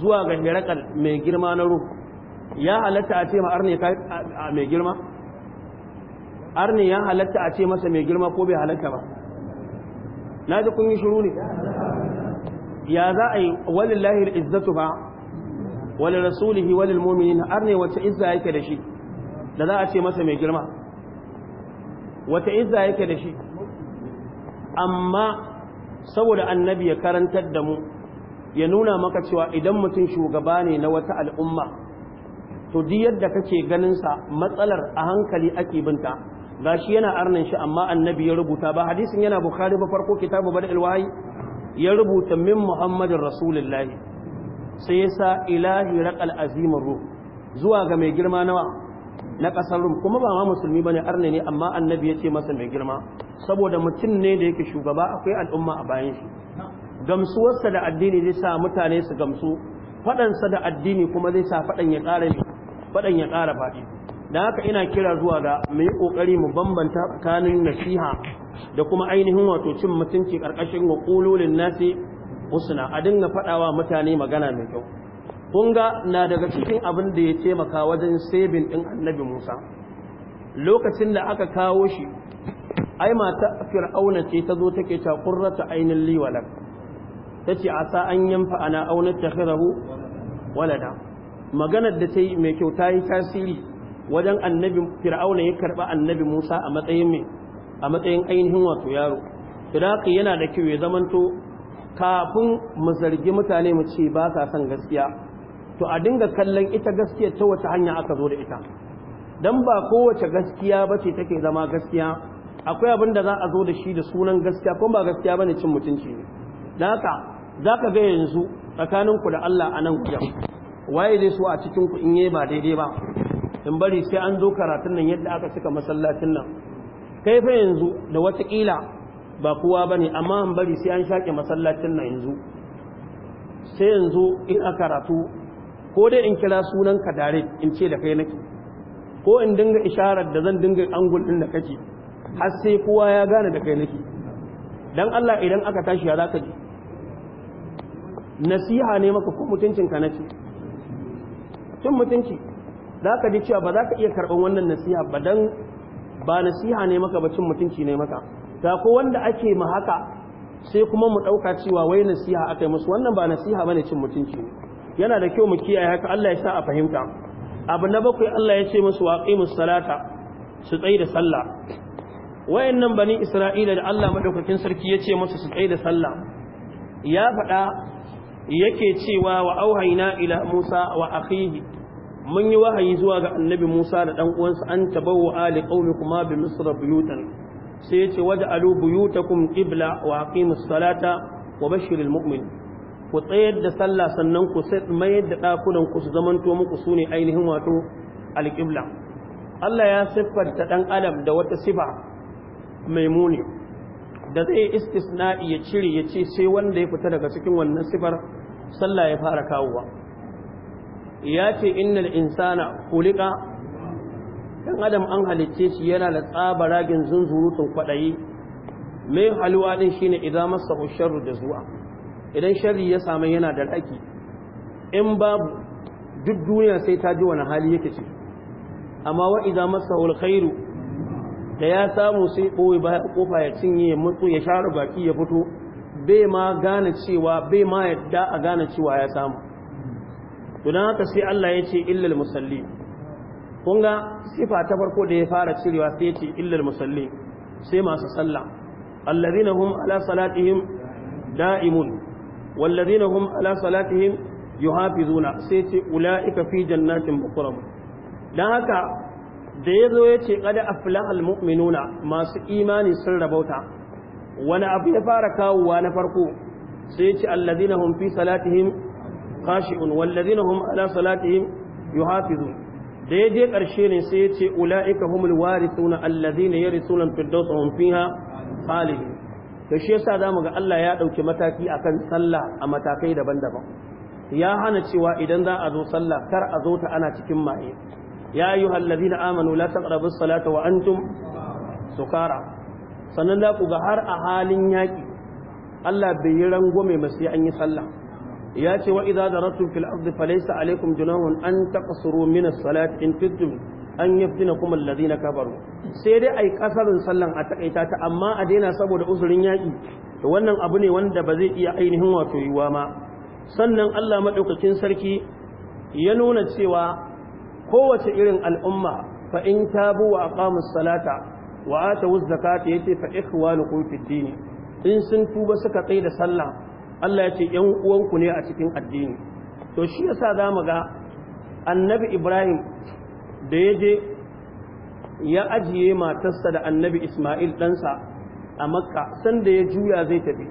zuwa ga hirakal mai girma na ruh ya halatta a ce ma arne mai girma arne ya halatta a ce masa mai girma ko bai halatta ba na ji kun yi shiru ne ya za a yi walillahi izzatu ba walil rasulihi walil mu'minin arne wacce izza yake da shi da za a ce masa mai girma wata izza yake da shi amma saboda annabi ya karantar da mu ya nuna maka cewa idan mutum shugaba ne na wata al'umma to duk yadda kake ganin sa matsalar a hankali ake binta gashi yana arnin shi amma annabi ya rubuta ba hadisin yana bukhari ba farko kitabu da wahyi ya rubuta min muhammadin rasulullahi sai ya sa ilahi raqal azimur ruh zuwa ga mai girma nawa na ƙasar rum kuma ba ma musulmi ba ne, arne ne amma annabi ya ce masa mai girma saboda mutum ne da yake shugaba akwai al'umma a bayan shi gamsuwarsa da addini zai sa mutane su gamsu faɗansa da addini kuma zai sa faɗan ya ƙara faɗan ya ƙara faɗi da haka ina kira zuwa ga mu yi ƙoƙari mu bambanta tsakanin nasiha da kuma ainihin wato cin mutunci ƙarƙashin wa ƙololin nasi husna a dinga faɗawa mutane magana mai kyau kunga na daga cikin abin da ya taimaka wajen sabin ɗin annabi musa lokacin da aka kawo shi ai mata fir'auna ce ta zo take ta qurrata ainin ta ce asa an yanfa ana auna aunat takhirahu walada maganar da tayi mai kyau tayi tasiri wajen annabi fir'auna ya karba annabi Musa a matsayin mai a matsayin ainihin wato yaro idaki yana da kyau ya zamanto kafin mu zargi mutane mu ce ba ka san gaskiya to a dinga kallon ita gaskiya ta wata hanya aka zo da ita dan ba kowace gaskiya ba ce take zama gaskiya akwai abin da za a zo da shi da sunan gaskiya kuma ba gaskiya bane cin mutunci ne dan haka ka ga yanzu tsakanin ku da Allah a nan kujan waye zai so a cikin ku in yi ba daidai ba in bari sai an zo karatun nan yadda aka cika masallacin nan kai fa yanzu da watakila ba kowa ba ne amma in bari sai an shaƙe masallacin nan yanzu sai yanzu in a karatu ko dai in kira sunanka dare in ce da kai nake ko in dinga isharar da zan dinga angul din da kake har sai kowa ya gane da kai nake dan Allah idan aka tashi ya zaka ji nasiha ne maka ko mutuncin ka nake cin mutunci zaka ji cewa ba za ka iya karban wannan nasiha ba dan ba nasiha ne maka ba cin mutunci ne maka ta ko wanda ake ma haka sai kuma mu dauka cewa wai nasiha akai musu wannan ba nasiha bane cin mutunci ne yana da kyau mu kiyaye haka Allah ya sa a fahimta abu na bakwai Allah ya ce musu waqimus salata su tsaye da sallah wayannan bani isra'ila da Allah madaukakin sarki ya ce musu su tsaye da sallah ya faɗa yake cewa wa auhayna ila Musa wa akhihi mun yi wahayi zuwa ga annabi Musa da dan uwansa an tabawwa ali qaumikuma bi misr buyutan sai ya ce waj'alu buyutakum qibla wa aqimus salata wa bashiril mu'minin ku tsayar da sallah sannan ku mayar da ɗakunan ku su zamanto muku su ne ainihin wato alƙibla Allah ya siffanta ɗan adam da wata sifa mai muni da zai istisna'i ya cire ya ce sai wanda ya fita daga cikin wannan sifar sallah ya fara kawowa ya ce innal insana kulika dan adam an halicce shi yana da tsabaragin zunzurutun kwaɗayi mai haluwa ɗin shine idan masa sharru da zuwa idan sharri ya samu yana da ɗaki in babu duk duniya sai ta ji wani hali yake ce amma wa idan masa alkhairu da ya samu sai ɓoye baya kofa ya cinye ya mutu ya share baki ya fito bai ma gane cewa bai ma yadda a gane cewa ya samu to haka sai Allah ya ce illal musalli kun ga sifa ta farko da ya fara cirewa sai ya ce illal musalli sai masu sallah allazina hum ala salatihim da'imun والذين هم على صلاتهم يحافظون سيت اولئك في جنات مكرم دهك da ya zo ya ce ƙada afilahal mu'minuna masu imani sun rabauta wani abu ya fara kawowa na farko sai ya ce allazi na hunfi salatihim kashi'un wallazi na hunfi ala salatihim yu hafizu da ya je ƙarshe ne sai ya ce ula'ika humul wari suna allazi na yari sunan fiddausa hunfi ha halihim to shi yasa zamu ga Allah ya dauki mataki akan sallah a matakai daban-daban ya hana cewa idan za a zo sallah kar a zo ta ana cikin maye ya ayyuhal ladina amanu la taqrabus salata wa antum sukara sannan za ku ga har a halin yaki Allah bai yi rangwame ba sai an yi sallah ya ce wa idza daratum fil ardi falaysa alaykum junahun an taqsuru min as-salati in kuntum an yaftina kuma na kabaru sai dai yi kasarin sallan a takaita ta amma a daina saboda uzurin yaki to wannan abu ne wanda ba zai iya ainihin wato yiwa ma sannan Allah maɗaukacin sarki ya nuna cewa kowace irin al'umma fa in tabu wa aqamus salata wa atu zakata yace fa ikhwanukum fid din in sun tuba suka tsaya da sallah Allah ya ce ‘yan uwanku ne a cikin addini, to shi yasa za mu ga annabi Ibrahim da ya je ya ajiye matarsa da annabi ismail ɗansa a makka sanda ya juya zai tafi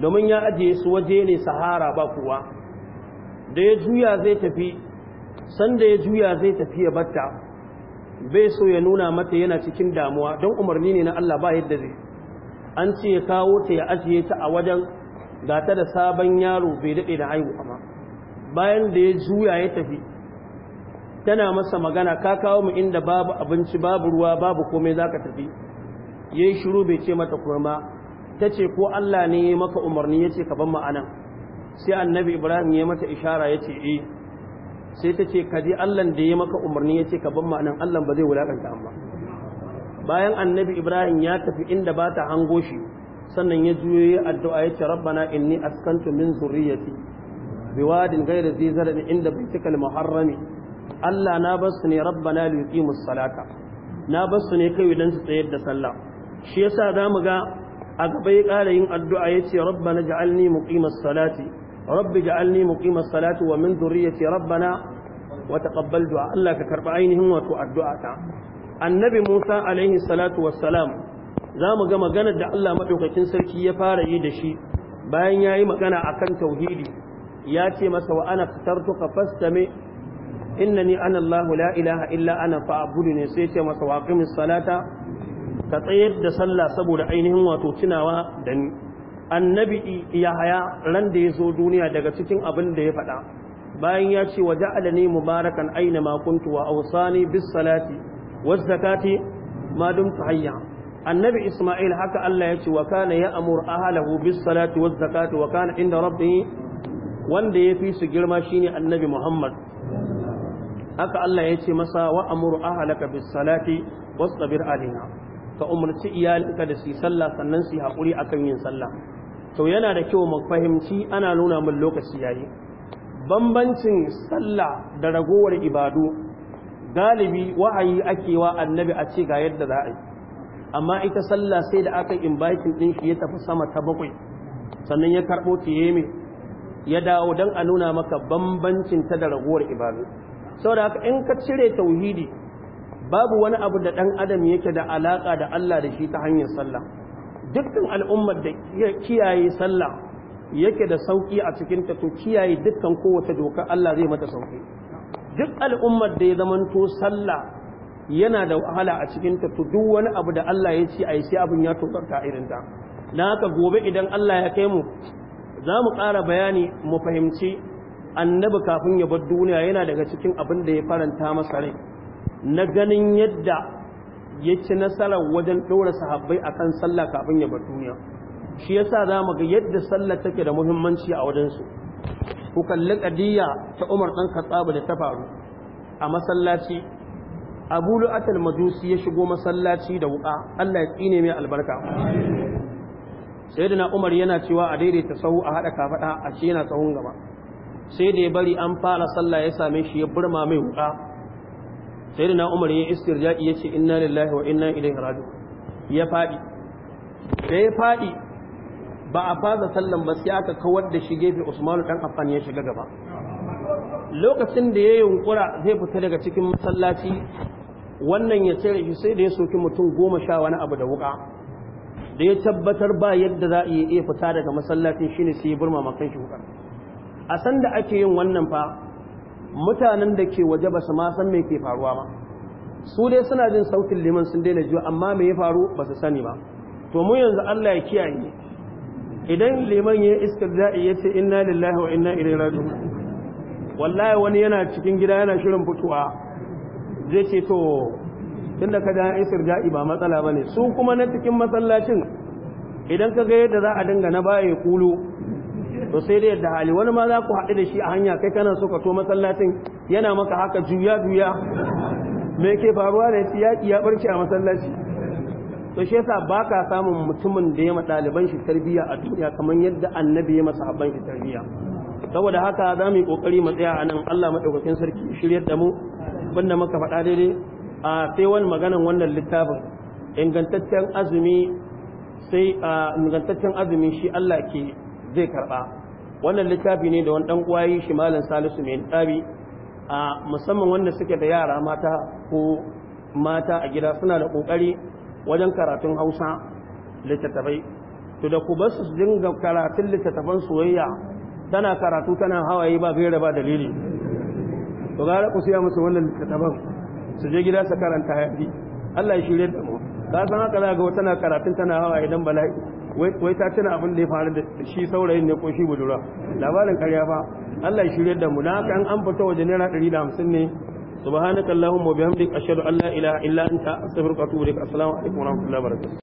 domin ya ajiye su waje ne sahara ba kuwa da ya juya zai tafi sanda ya juya zai tafi ya batta bai so ya nuna mata yana cikin damuwa don umarni ne na Allah ba yadda zai an ce ya kawo ta ya ajiye ta a wajen gata da sabon yaro bai daɗe da haihu amma bayan da ya juya ya tafi tana masa magana ka kawo mu inda babu abinci babu ruwa babu komai zaka tafi yayi shiru bai ce mata kurma tace ko Allah ne ya maka umarni yace ka ban anan sai annabi Ibrahim ya mata ishara yace eh sai tace ka ji Allah da ya maka umarni yace ka ban anan Allah ba zai wulakanta amma bayan annabi Ibrahim ya tafi inda ba ta hango shi sannan ya juyo ya addu'a yace rabbana inni askantu min zurriyyati biwadin ghayri dhi zar'in inda baitikal muharrami Allah na bar su ne rabba na liƙi salata na bar su ne kai dan su tsayar da sallah shi yasa zamu ga a gaba ya ƙara yin addu'a yace rabbana ja'alni muqimas salati rabbi ja'alni muqimas salati wa min dhurriyyati rabbana wa taqabbal du'a Allah ka karɓi ainihin wato addu'a ta annabi Musa alaihi salatu wassalam zamu ga maganar da Allah madaukakin sarki ya fara yi da shi bayan yayi magana akan tauhidi ya ce masa wa ana ka fastami innani ana Allah la ilaha illa ana fa'budu ne sai ce masa waqimis salata ka tsayar da sallah saboda ainihin wato tunawa da ni annabi yahaya ran da ya zo duniya daga cikin abin da ya faɗa bayan ya ce wa ja'alani mubarakan aina ma kuntu wa awsani bis salati waz zakati ma dumtu hayya annabi isma'il haka Allah ya ce wa kana ya'mur ahlahu bis salati waz zakati wa kana inda rabbih wanda ya fi su girma shine annabi Muhammad haka Allah ya ce masa wa amuru ahlaka bis salati wasbir alaiha ka umarci iyalinka da su sallah sannan su hakuri akan yin sallah to yana da kyau mu fahimci ana nuna min lokaci yayi bambancin sallah da ragowar ibadu galibi wahayi ake wa annabi a ce ga yadda za a yi amma ita sallah sai da aka inviting din shi ya tafi sama ta bakwai sannan ya karbo ta yeme ya dawo don a nuna maka bambancin ta da ragowar ibadu saboda haka in ka cire tauhidi babu wani abu da ɗan adam yake da alaƙa da Allah da shi ta hanyar sallah dukkan al'ummar da kiyaye sallah yake da sauƙi a cikin ta kiyaye dukkan kowace doka Allah zai mata sauƙi duk al'ummar da ya zamanto sallah yana da wahala a cikin ta duk wani abu da Allah ya ce yi sai abin ya tokarta irin ta dan haka gobe idan Allah ya kai mu za mu ƙara bayani mu fahimci annabi kafin ya bar duniya yana daga cikin abin da ya faranta masa rai na ganin yadda ya ci nasarar wajen ɗora sahabbai akan sallah kafin ya bar duniya shi yasa za mu ga yadda sallah take da muhimmanci a wajensu ku kalli ƙadiyya ta umar ɗan katsabu da ta faru a masallaci abu lu'atul majusi ya shigo masallaci da wuƙa allah ya tsine mai albarka na umar yana cewa a daidaita sahu a haɗa kafaɗa a shi yana tsawon gaba sai da ya bari an fara sallah ya same shi ya burma mai wuka sai da na umar ya istir ya ce inna lillahi wa inna ilaihi raji'un ya faɗi da ya faɗi ba a fasa sallan ba sai aka kawar da shi gefe usmanu dan affan ya shiga gaba lokacin da ya yunkura zai fita daga cikin masallaci wannan ya tsere shi sai da ya soki mutum goma sha wani abu da wuka da ya tabbatar ba yadda za a iya fita daga masallacin shine sai ya burma makan shi wukar a san da ake yin wannan fa mutanen da ke waje ba su ma san me ke faruwa ma su dai suna jin sautin liman sun daina jiwa amma me ya faru ba su sani ba to mu yanzu Allah ya kiyaye idan liman ya istirda'i ya ce inna lillahi wa inna ilaihi raji'un wallahi wani yana cikin gida yana shirin fituwa zai ce to tunda ka da da'i ba matsala bane su kuma na cikin masallacin idan ka ga yadda za a dinga na baya kulu to sai dai yadda hali wani ma za ku haɗu da shi a hanya kai kana so ka to masallacin yana maka haka juya juya me ke faruwa da yaƙi ya barke a masallaci to shi yasa ba ka samun mutumin da ya ɗaliban shi tarbiyya a duniya kamar yadda annabi ya masa abban shi tarbiyya saboda haka za mu yi ƙoƙari mu tsaya a nan Allah maɗaukakin sarki shiryar da mu banda maka faɗa daidai a sai wani maganan wannan littafin ingantaccen azumi sai a ingantaccen azumi shi Allah ke zai karɓa wannan littafi ne da wani dan uwa shi malam salisu mai tsabi a musamman wanda suke da yara mata ko mata a gida suna da kokari wajen karatun Hausa littattafai to da ku basu dinga karatun littattafan soyayya tana karatu tana hawaye ba fere ba dalili to gara ku siya musu wannan littattafan su je gida su karanta yafi Allah ya shirye da mu ka san haka za ga wata na karatun tana hawaye dan bala'i wai ta tana abin da ya faru da shi saurayin ne ko shi budura labarin karya fa Allah ya shirye da mu na kan an fita waje naira 150 ne subhanakallahumma wa bihamdika ashhadu an la ilaha illa anta astaghfiruka wa atubu ilaik assalamu alaikum wa rahmatullahi wa barakatuh